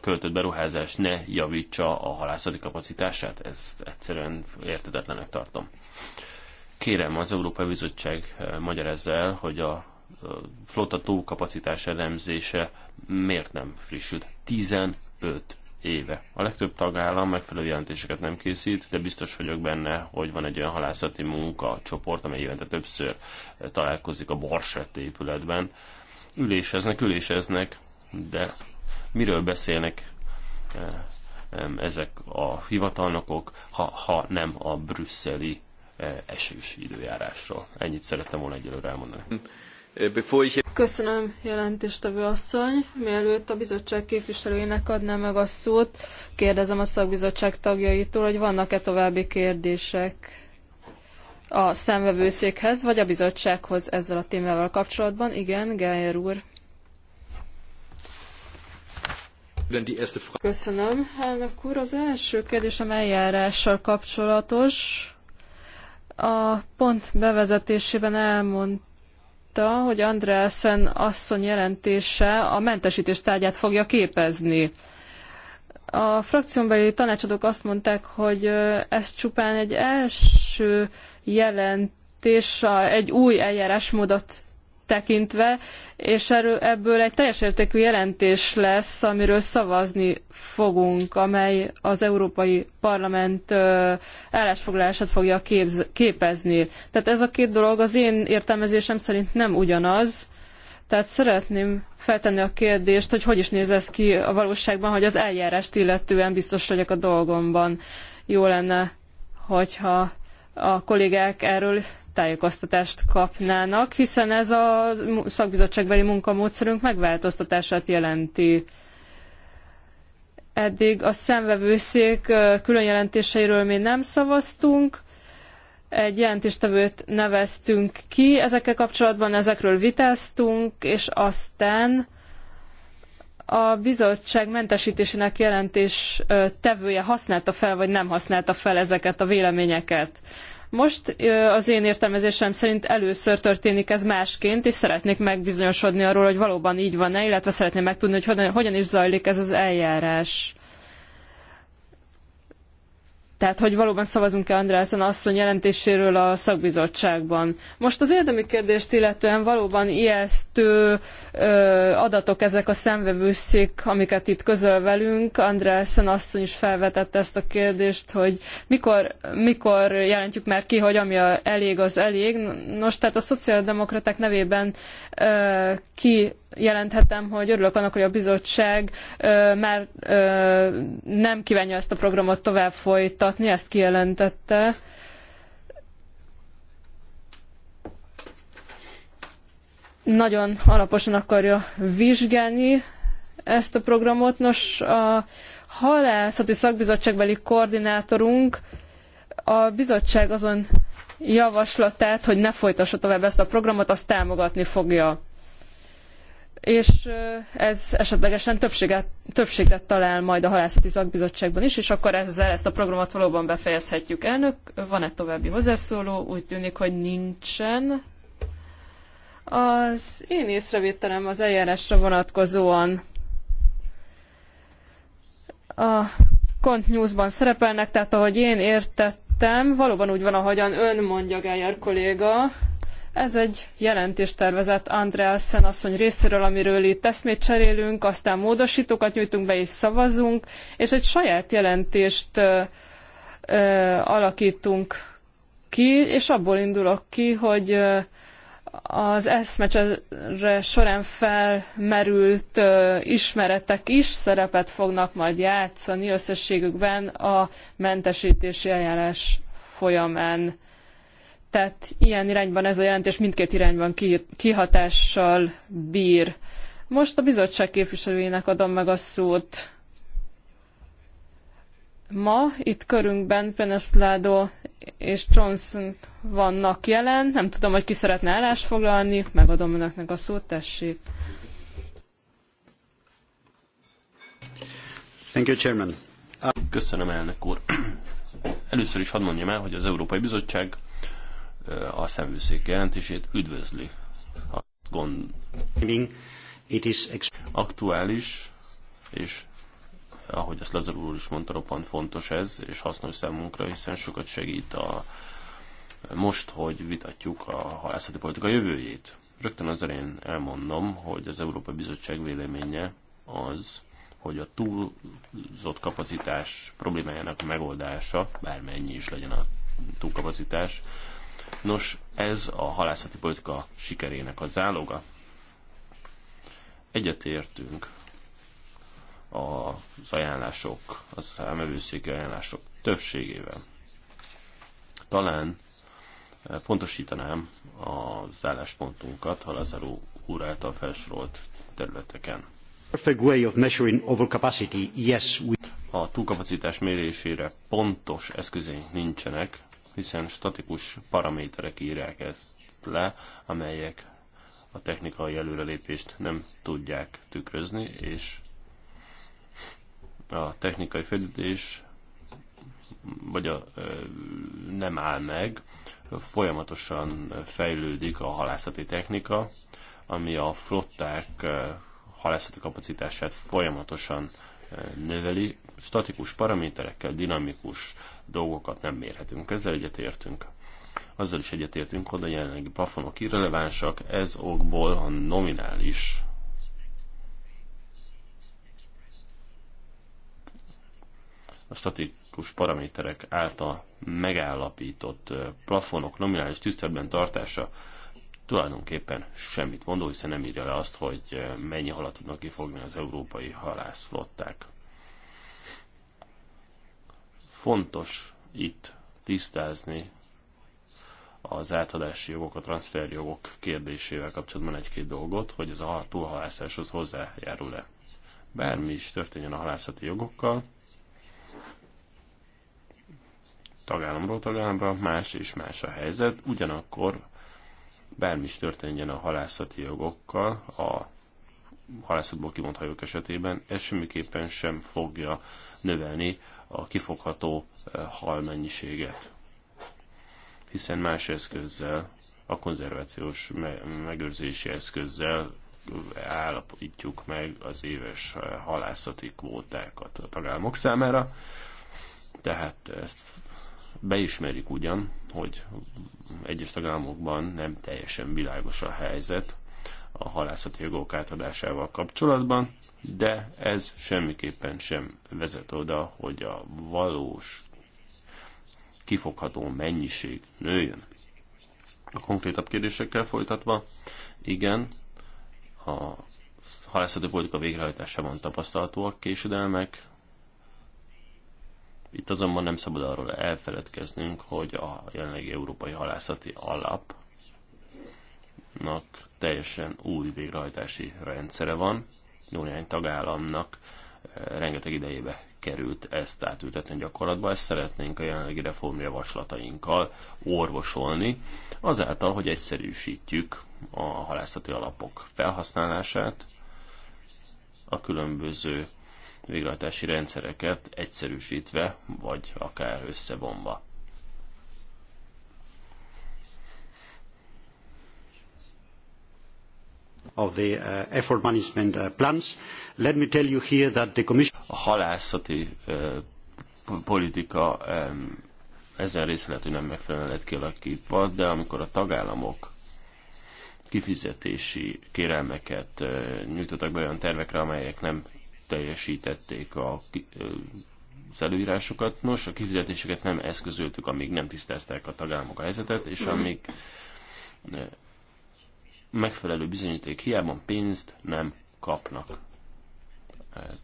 költött beruházás ne javítsa a halászati kapacitását. Ezt egyszerűen értetetlenek tartom. Kérem az Európai Bizottság eh, magyarázza el, hogy a flotta túlkapacitás elemzése miért nem frissült. 15 éve. A legtöbb tagállam megfelelő jelentéseket nem készít, de biztos vagyok benne, hogy van egy olyan halászati munkacsoport, amely évente többször eh, találkozik a Borsett épületben. Üléseznek, üléseznek, de miről beszélnek eh, ezek a hivatalnokok, ha, ha nem a brüsszeli E, esős időjárásról. Ennyit szerettem volna egyelőre elmondani. Köszönöm, jelentéstevő asszony. Mielőtt a bizottság képviselőjének adnám meg a szót, kérdezem a szakbizottság tagjaitól, hogy vannak-e további kérdések a szemvevőszékhez, vagy a bizottsághoz ezzel a témával kapcsolatban. Igen, Geyer úr. Köszönöm, elnök úr. Az első kérdésem eljárással kapcsolatos a pont bevezetésében elmondta, hogy Andrásen asszony jelentése a mentesítés tárgyát fogja képezni. A frakciónbeli tanácsadók azt mondták, hogy ez csupán egy első jelentés, egy új eljárásmódot tekintve, és erről, ebből egy teljes értékű jelentés lesz, amiről szavazni fogunk, amely az Európai Parlament állásfoglalását fogja képz, képezni. Tehát ez a két dolog az én értelmezésem szerint nem ugyanaz, tehát szeretném feltenni a kérdést, hogy hogy is néz ez ki a valóságban, hogy az eljárást illetően biztos vagyok a dolgomban. Jó lenne, hogyha a kollégák erről tájékoztatást kapnának, hiszen ez a szakbizottságbeli munkamódszerünk megváltoztatását jelenti. Eddig a szemvevőszék külön jelentéseiről mi nem szavaztunk, egy jelentéstevőt neveztünk ki, ezekkel kapcsolatban ezekről vitáztunk, és aztán a bizottság mentesítésének jelentés tevője használta fel, vagy nem használta fel ezeket a véleményeket. Most az én értelmezésem szerint először történik ez másként, és szeretnék megbizonyosodni arról, hogy valóban így van-e, illetve szeretném megtudni, hogy hogyan is zajlik ez az eljárás. Tehát, hogy valóban szavazunk-e Andrászen asszony jelentéséről a szakbizottságban. Most az érdemi kérdést illetően valóban ijesztő ö, adatok ezek a szemvevőszék, amiket itt közöl velünk. Andrászen asszony is felvetette ezt a kérdést, hogy mikor, mikor jelentjük már ki, hogy ami a elég, az elég. Nos, tehát a szociáldemokraták nevében ö, ki jelenthetem, hogy örülök annak, hogy a bizottság már nem kívánja ezt a programot tovább folytatni, ezt kijelentette. Nagyon alaposan akarja vizsgálni ezt a programot. Nos, a halászati szakbizottságbeli koordinátorunk a bizottság azon javaslatát, hogy ne folytassa tovább ezt a programot, azt támogatni fogja és ez esetlegesen többséget, többséget talál majd a halászati szakbizottságban is, és akkor ezzel ezt a programot valóban befejezhetjük. Elnök, van-e további hozzászóló? Úgy tűnik, hogy nincsen. Az én észrevételem az eljárásra vonatkozóan a Kont News-ban szerepelnek, tehát ahogy én értettem, valóban úgy van, ahogyan ön mondja, Gájer kolléga, ez egy jelentéstervezet Andreasen asszony részéről, amiről itt eszmét cserélünk, aztán módosítókat nyújtunk be és szavazunk, és egy saját jelentést ö, ö, alakítunk ki, és abból indulok ki, hogy ö, az eszmecsere során felmerült ö, ismeretek is szerepet fognak majd játszani összességükben a mentesítési eljárás folyamán. Tehát ilyen irányban ez a jelentés mindkét irányban kihatással bír. Most a bizottság képviselőjének adom meg a szót. Ma itt körünkben Penesládó és Johnson vannak jelen. Nem tudom, hogy ki szeretne állást foglalni. Megadom önöknek a szót, tessék. Thank you, Chairman. Köszönöm, elnök úr. Először is hadd mondjam el, hogy az Európai Bizottság a szemvőszék jelentését üdvözli. A gond aktuális, és ahogy azt Lazar úr is mondta, roppant fontos ez, és hasznos számunkra, hiszen sokat segít a most, hogy vitatjuk a halászati politika jövőjét. Rögtön az elején elmondom, hogy az Európai Bizottság véleménye az, hogy a túlzott kapacitás problémájának megoldása, bármennyi is legyen a túlkapacitás, Nos, ez a halászati politika sikerének a záloga. Egyetértünk az ajánlások, az emelőszéki ajánlások többségével. Talán eh, pontosítanám az álláspontunkat Halazaró úr által felsorolt területeken. A túlkapacitás mérésére pontos eszközeink nincsenek, hiszen statikus paraméterek írják ezt le, amelyek a technikai előrelépést nem tudják tükrözni, és a technikai fejlődés vagy a, nem áll meg, folyamatosan fejlődik a halászati technika, ami a flották halászati kapacitását folyamatosan növeli. Statikus paraméterekkel dinamikus dolgokat nem mérhetünk. Ezzel egyetértünk. Azzal is egyetértünk, hogy a jelenlegi plafonok irrelevánsak, ez okból a nominális a statikus paraméterek által megállapított plafonok nominális tiszteletben tartása tulajdonképpen semmit mondó, hiszen nem írja le azt, hogy eh, mennyi halat tudnak kifogni az európai halászflották. Fontos itt tisztázni az átadási jogok, a transferjogok kérdésével kapcsolatban egy-két dolgot, hogy ez a túlhalászáshoz hozzájárul-e. Bármi is történjen a halászati jogokkal, tagállamról tagállamra más és más a helyzet, ugyanakkor bármi is történjen a halászati jogokkal, a halászatból kivont hajók esetében, ez semmiképpen sem fogja növelni a kifogható eh, hal mennyiséget. Hiszen más eszközzel, a konzervációs megőrzési eszközzel eh, állapítjuk meg az éves eh, halászati kvótákat a tagállamok számára, tehát ezt Beismerik ugyan, hogy egyes tagállamokban nem teljesen világos a helyzet a halászati jogok átadásával kapcsolatban, de ez semmiképpen sem vezet oda, hogy a valós kifogható mennyiség nőjön. A konkrétabb kérdésekkel folytatva, igen, a halászati politika végrehajtásában tapasztalhatóak késedelmek, itt azonban nem szabad arról elfeledkeznünk, hogy a jelenlegi európai halászati alapnak teljesen új végrehajtási rendszere van. Jó néhány tagállamnak eh, rengeteg idejébe került ezt átültetni gyakorlatba, ezt szeretnénk a jelenlegi reformjavaslatainkkal orvosolni, azáltal, hogy egyszerűsítjük a halászati alapok felhasználását, a különböző végrehajtási rendszereket egyszerűsítve, vagy akár összevonva. of the uh, effort management uh, plans. Let me tell you here that the commission... A halászati uh, politika um, ezen részletű nem megfelelően lett kialakítva, de amikor a tagállamok kifizetési kérelmeket uh, nyújtottak be olyan tervekre, amelyek nem teljesítették a az előírásokat. Nos, a kifizetéseket nem eszközöltük, amíg nem tisztázták a tagállamok a helyzetet, és amíg megfelelő bizonyíték hiába pénzt nem kapnak.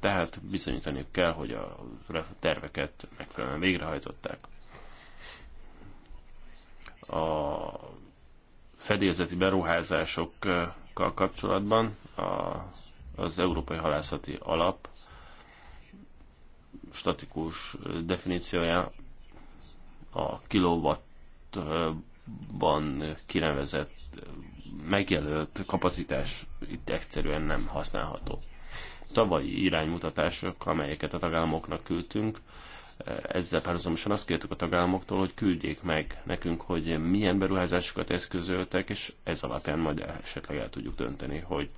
Tehát bizonyítaniuk kell, hogy a terveket megfelelően végrehajtották. A fedélzeti beruházásokkal kapcsolatban a az Európai Halászati Alap statikus definíciója a kilowattban kinevezett, megjelölt kapacitás itt egyszerűen nem használható. Tavalyi iránymutatások, amelyeket a tagállamoknak küldtünk, ezzel párhuzamosan azt kértük a tagállamoktól, hogy küldjék meg nekünk, hogy milyen beruházásokat eszközöltek, és ez alapján majd esetleg el tudjuk dönteni, hogy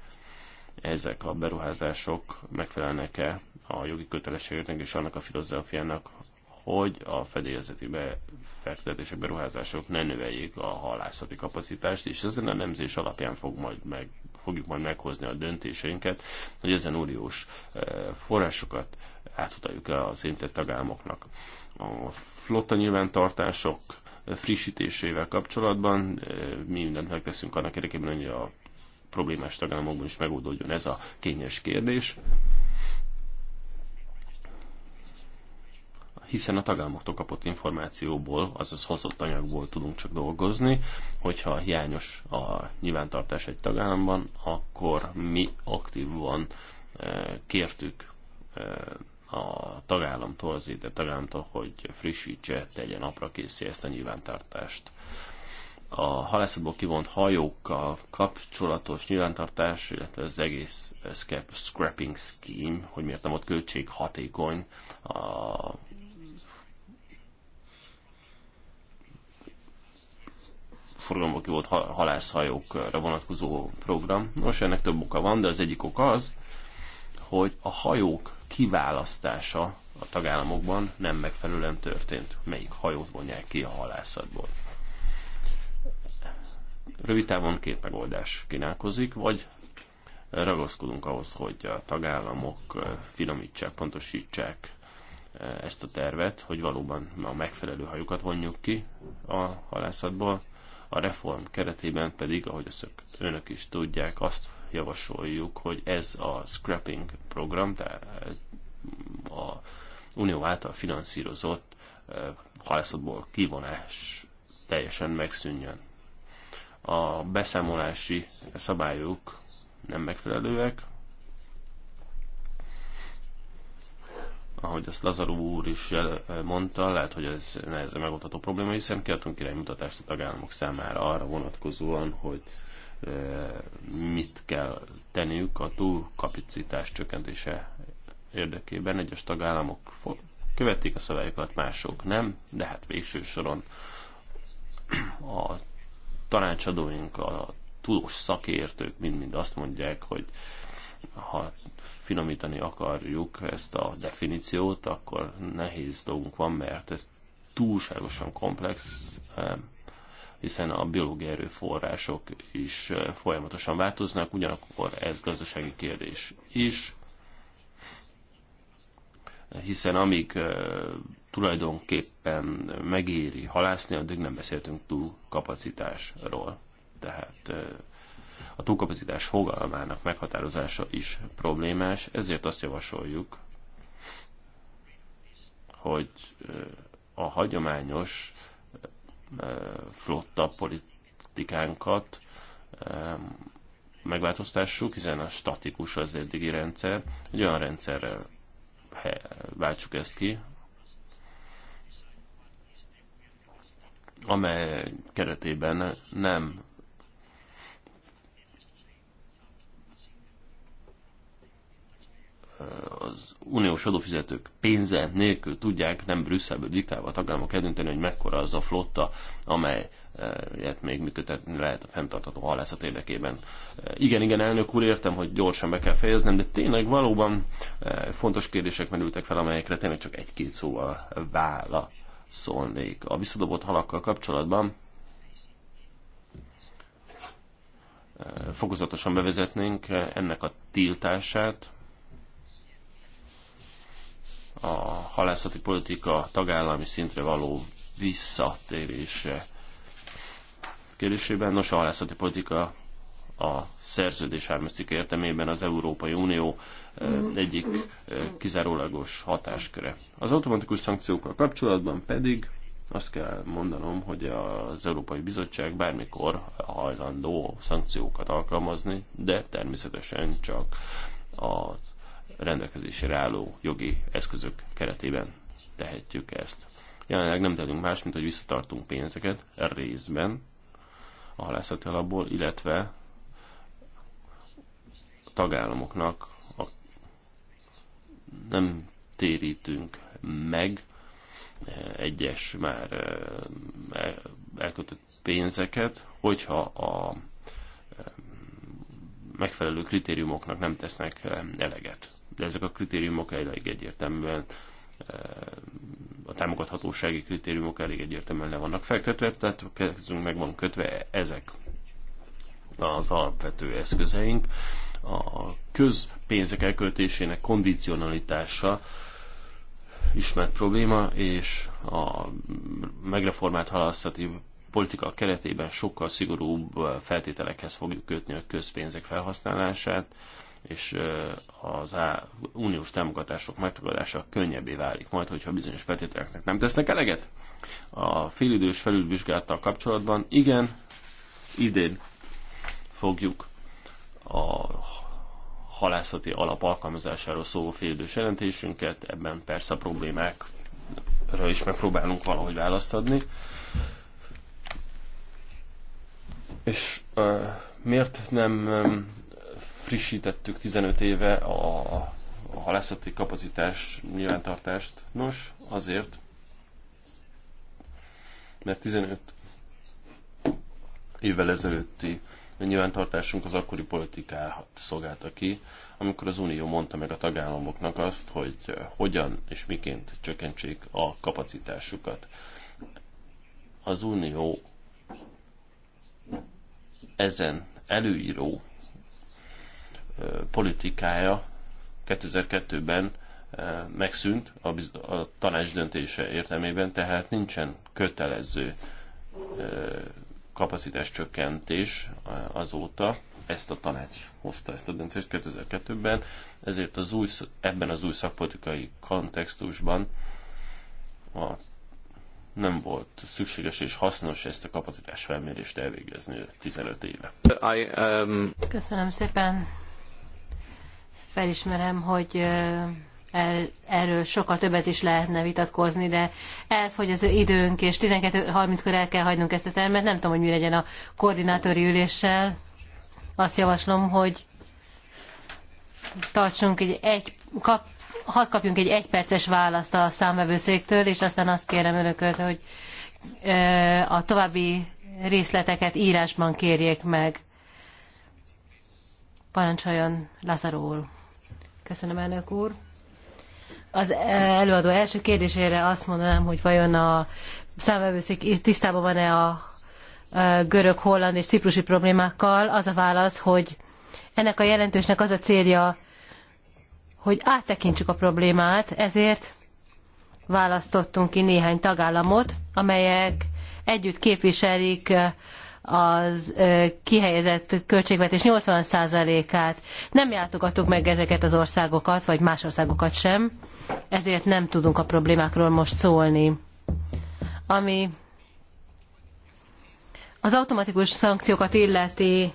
ezek a beruházások megfelelnek-e a jogi kötelességeknek és annak a filozófiának, hogy a fedélzeti befektetések, beruházások ne növeljék a halászati kapacitást, és ezen a nemzés alapján fog majd meg, fogjuk majd meghozni a döntéseinket, hogy ezen uniós eh, forrásokat átutaljuk el az érintett tagállamoknak. A flotta nyilvántartások eh, frissítésével kapcsolatban mi eh, mindent megteszünk annak érdekében, hogy a problémás tagállamokban is megoldódjon ez a kényes kérdés. hiszen a tagállamoktól kapott információból, azaz hozott anyagból tudunk csak dolgozni, hogyha hiányos a nyilvántartás egy tagállamban, akkor mi aktívan eh, kértük eh, a tagállamtól, az ide tagállamtól, hogy frissítse, tegyen apra készíti ezt a nyilvántartást a halászatból kivont hajókkal kapcsolatos nyilvántartás, illetve az egész scrap, scrapping scheme, hogy miért nem ott költséghatékony a forgalomból kivont halászhajókra vonatkozó program. Nos, ennek több oka van, de az egyik ok az, hogy a hajók kiválasztása a tagállamokban nem megfelelően történt, melyik hajót vonják ki a halászatból rövid távon két megoldás kínálkozik, vagy ragaszkodunk ahhoz, hogy a tagállamok finomítsák, pontosítsák ezt a tervet, hogy valóban a megfelelő hajukat vonjuk ki a halászatból. A reform keretében pedig, ahogy azt önök is tudják, azt javasoljuk, hogy ez a scrapping program, tehát a unió által finanszírozott halászatból kivonás teljesen megszűnjön a beszámolási szabályok nem megfelelőek. Ahogy azt Lazaró úr is mondta, lehet, hogy ez nehezen megoldható probléma, hiszen kiadtunk iránymutatást a tagállamok számára arra vonatkozóan, hogy mit kell tenniük a túlkapacitás csökkentése érdekében. Egyes tagállamok követik a szabályokat, mások nem, de hát végső soron a tanácsadóink, a tudós szakértők mind-mind azt mondják, hogy ha finomítani akarjuk ezt a definíciót, akkor nehéz dolgunk van, mert ez túlságosan komplex, eh, hiszen a biológiai erőforrások is eh, folyamatosan változnak, ugyanakkor ez gazdasági kérdés is hiszen amíg tulajdonképpen megéri halászni, addig nem beszéltünk túlkapacitásról. Tehát a túlkapacitás fogalmának meghatározása is problémás, ezért azt javasoljuk, hogy a hagyományos flotta politikánkat megváltoztassuk, hiszen a statikus az eddigi rendszer, egy olyan rendszerrel váltsuk ezt ki, amely keretében nem az uniós adófizetők pénze nélkül tudják nem Brüsszelből diktálva a tagállamok eldönteni, hogy mekkora az a flotta, amely Eh, ilyet még működtetni lehet a fenntartató halászat érdekében. Eh, igen, igen, elnök úr, értem, hogy gyorsan be kell fejeznem, de tényleg valóban eh, fontos kérdések merültek fel, amelyekre tényleg csak egy-két szóval válaszolnék. A visszadobott halakkal kapcsolatban fokozatosan bevezetnénk ennek a tiltását, a halászati politika tagállami szintre való visszatérése kérdésében. Nos, a halászati politika a szerződés ármesztik értelmében az Európai Unió mm. egyik mm. kizárólagos hatásköre. Az automatikus szankciókkal kapcsolatban pedig azt kell mondanom, hogy az Európai Bizottság bármikor hajlandó szankciókat alkalmazni, de természetesen csak a rendelkezésre álló jogi eszközök keretében tehetjük ezt. Jelenleg nem tudunk más, mint hogy visszatartunk pénzeket részben, a halászati alapból, illetve a tagállamoknak a, nem térítünk meg eh, egyes már eh, elkötött pénzeket, hogyha a eh, megfelelő kritériumoknak nem tesznek eleget. De ezek a kritériumok elég egyértelműen a támogathatósági kritériumok elég egyértelműen le vannak fektetve, tehát kezdünk meg van kötve ezek az alapvető eszközeink. A közpénzek elköltésének kondicionalitása ismert probléma, és a megreformált halasztati politika keretében sokkal szigorúbb feltételekhez fogjuk kötni a közpénzek felhasználását, és az á, uniós támogatások megtagadása könnyebbé válik majd, hogyha bizonyos feltételeknek nem tesznek eleget. A félidős felülvizsgálattal kapcsolatban igen, idén fogjuk a halászati alap alkalmazásáról szóló félidős jelentésünket, ebben persze a problémákra is megpróbálunk valahogy választ adni. És uh, miért nem um, frissítettük 15 éve a, a halászati kapacitás nyilvántartást. Nos, azért, mert 15 évvel ezelőtti nyilvántartásunk az akkori politikát szolgálta ki, amikor az Unió mondta meg a tagállamoknak azt, hogy eh, hogyan és miként csökkentsék a kapacitásukat. Az Unió ezen előíró politikája 2002-ben megszűnt a, biz- a tanács döntése értelmében, tehát nincsen kötelező kapacitás csökkentés azóta. Ezt a tanács hozta ezt a döntést 2002-ben, ezért az új, ebben az új szakpolitikai kontextusban a, nem volt szükséges és hasznos ezt a kapacitás felmérést elvégezni 15 éve. I, um... Köszönöm szépen felismerem, hogy el, erről sokkal többet is lehetne vitatkozni, de elfogy az időnk, és 12.30-kor el kell hagynunk ezt a termet. Nem tudom, hogy mi legyen a koordinátori üléssel. Azt javaslom, hogy tartsunk egy, egy kap, hadd kapjunk egy egyperces választ a számvevőszéktől, és aztán azt kérem önököt, hogy a további részleteket írásban kérjék meg. Parancsoljon Lazaró úr. Köszönöm, elnök úr. Az előadó első kérdésére azt mondanám, hogy vajon a számvevőszék tisztában van-e a görög, holland és ciprusi problémákkal, az a válasz, hogy ennek a jelentősnek az a célja, hogy áttekintsük a problémát, ezért választottunk ki néhány tagállamot, amelyek együtt képviselik az kihelyezett költségvetés 80%-át. Nem látogattuk meg ezeket az országokat, vagy más országokat sem, ezért nem tudunk a problémákról most szólni. Ami az automatikus szankciókat illeti,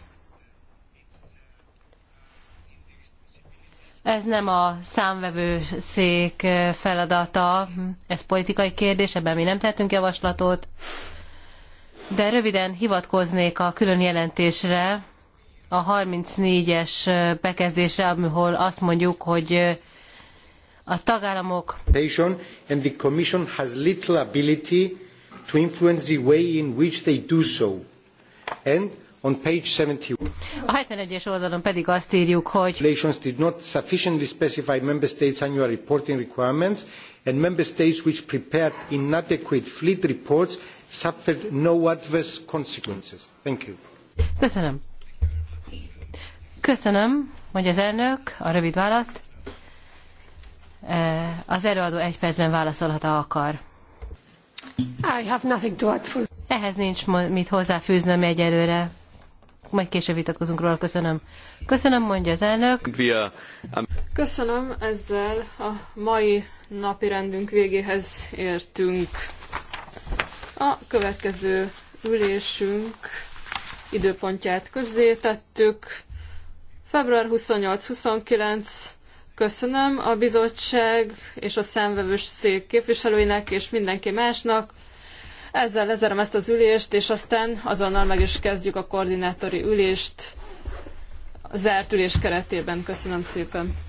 ez nem a számvevőszék feladata, ez politikai kérdés, ebben mi nem tettünk javaslatot de röviden hivatkoznék a külön jelentésre, a 34-es bekezdésre, ahol azt mondjuk, hogy a tagállamok and the Commission has little ability to influence the way in which they do so. And On page 71. A 71-es oldalon pedig azt írjuk, hogy Regulations did not sufficiently specify member states annual reporting requirements and member states which prepared inadequate fleet reports suffered no adverse consequences. Thank you. Köszönöm. Köszönöm, mondja az elnök, a rövid választ. Eh, az előadó egy percben válaszolhat, ha akar. I have nothing to add for... Ehhez nincs mit hozzáfűznöm egyelőre majd később vitatkozunk róla. Köszönöm. Köszönöm, mondja az elnök. Köszönöm, ezzel a mai napi rendünk végéhez értünk. A következő ülésünk időpontját tettük. Február 28-29 Köszönöm a bizottság és a szemvevős szék képviselőinek és mindenki másnak. Ezzel lezerem ezt az ülést, és aztán azonnal meg is kezdjük a koordinátori ülést zárt ülés keretében. Köszönöm szépen.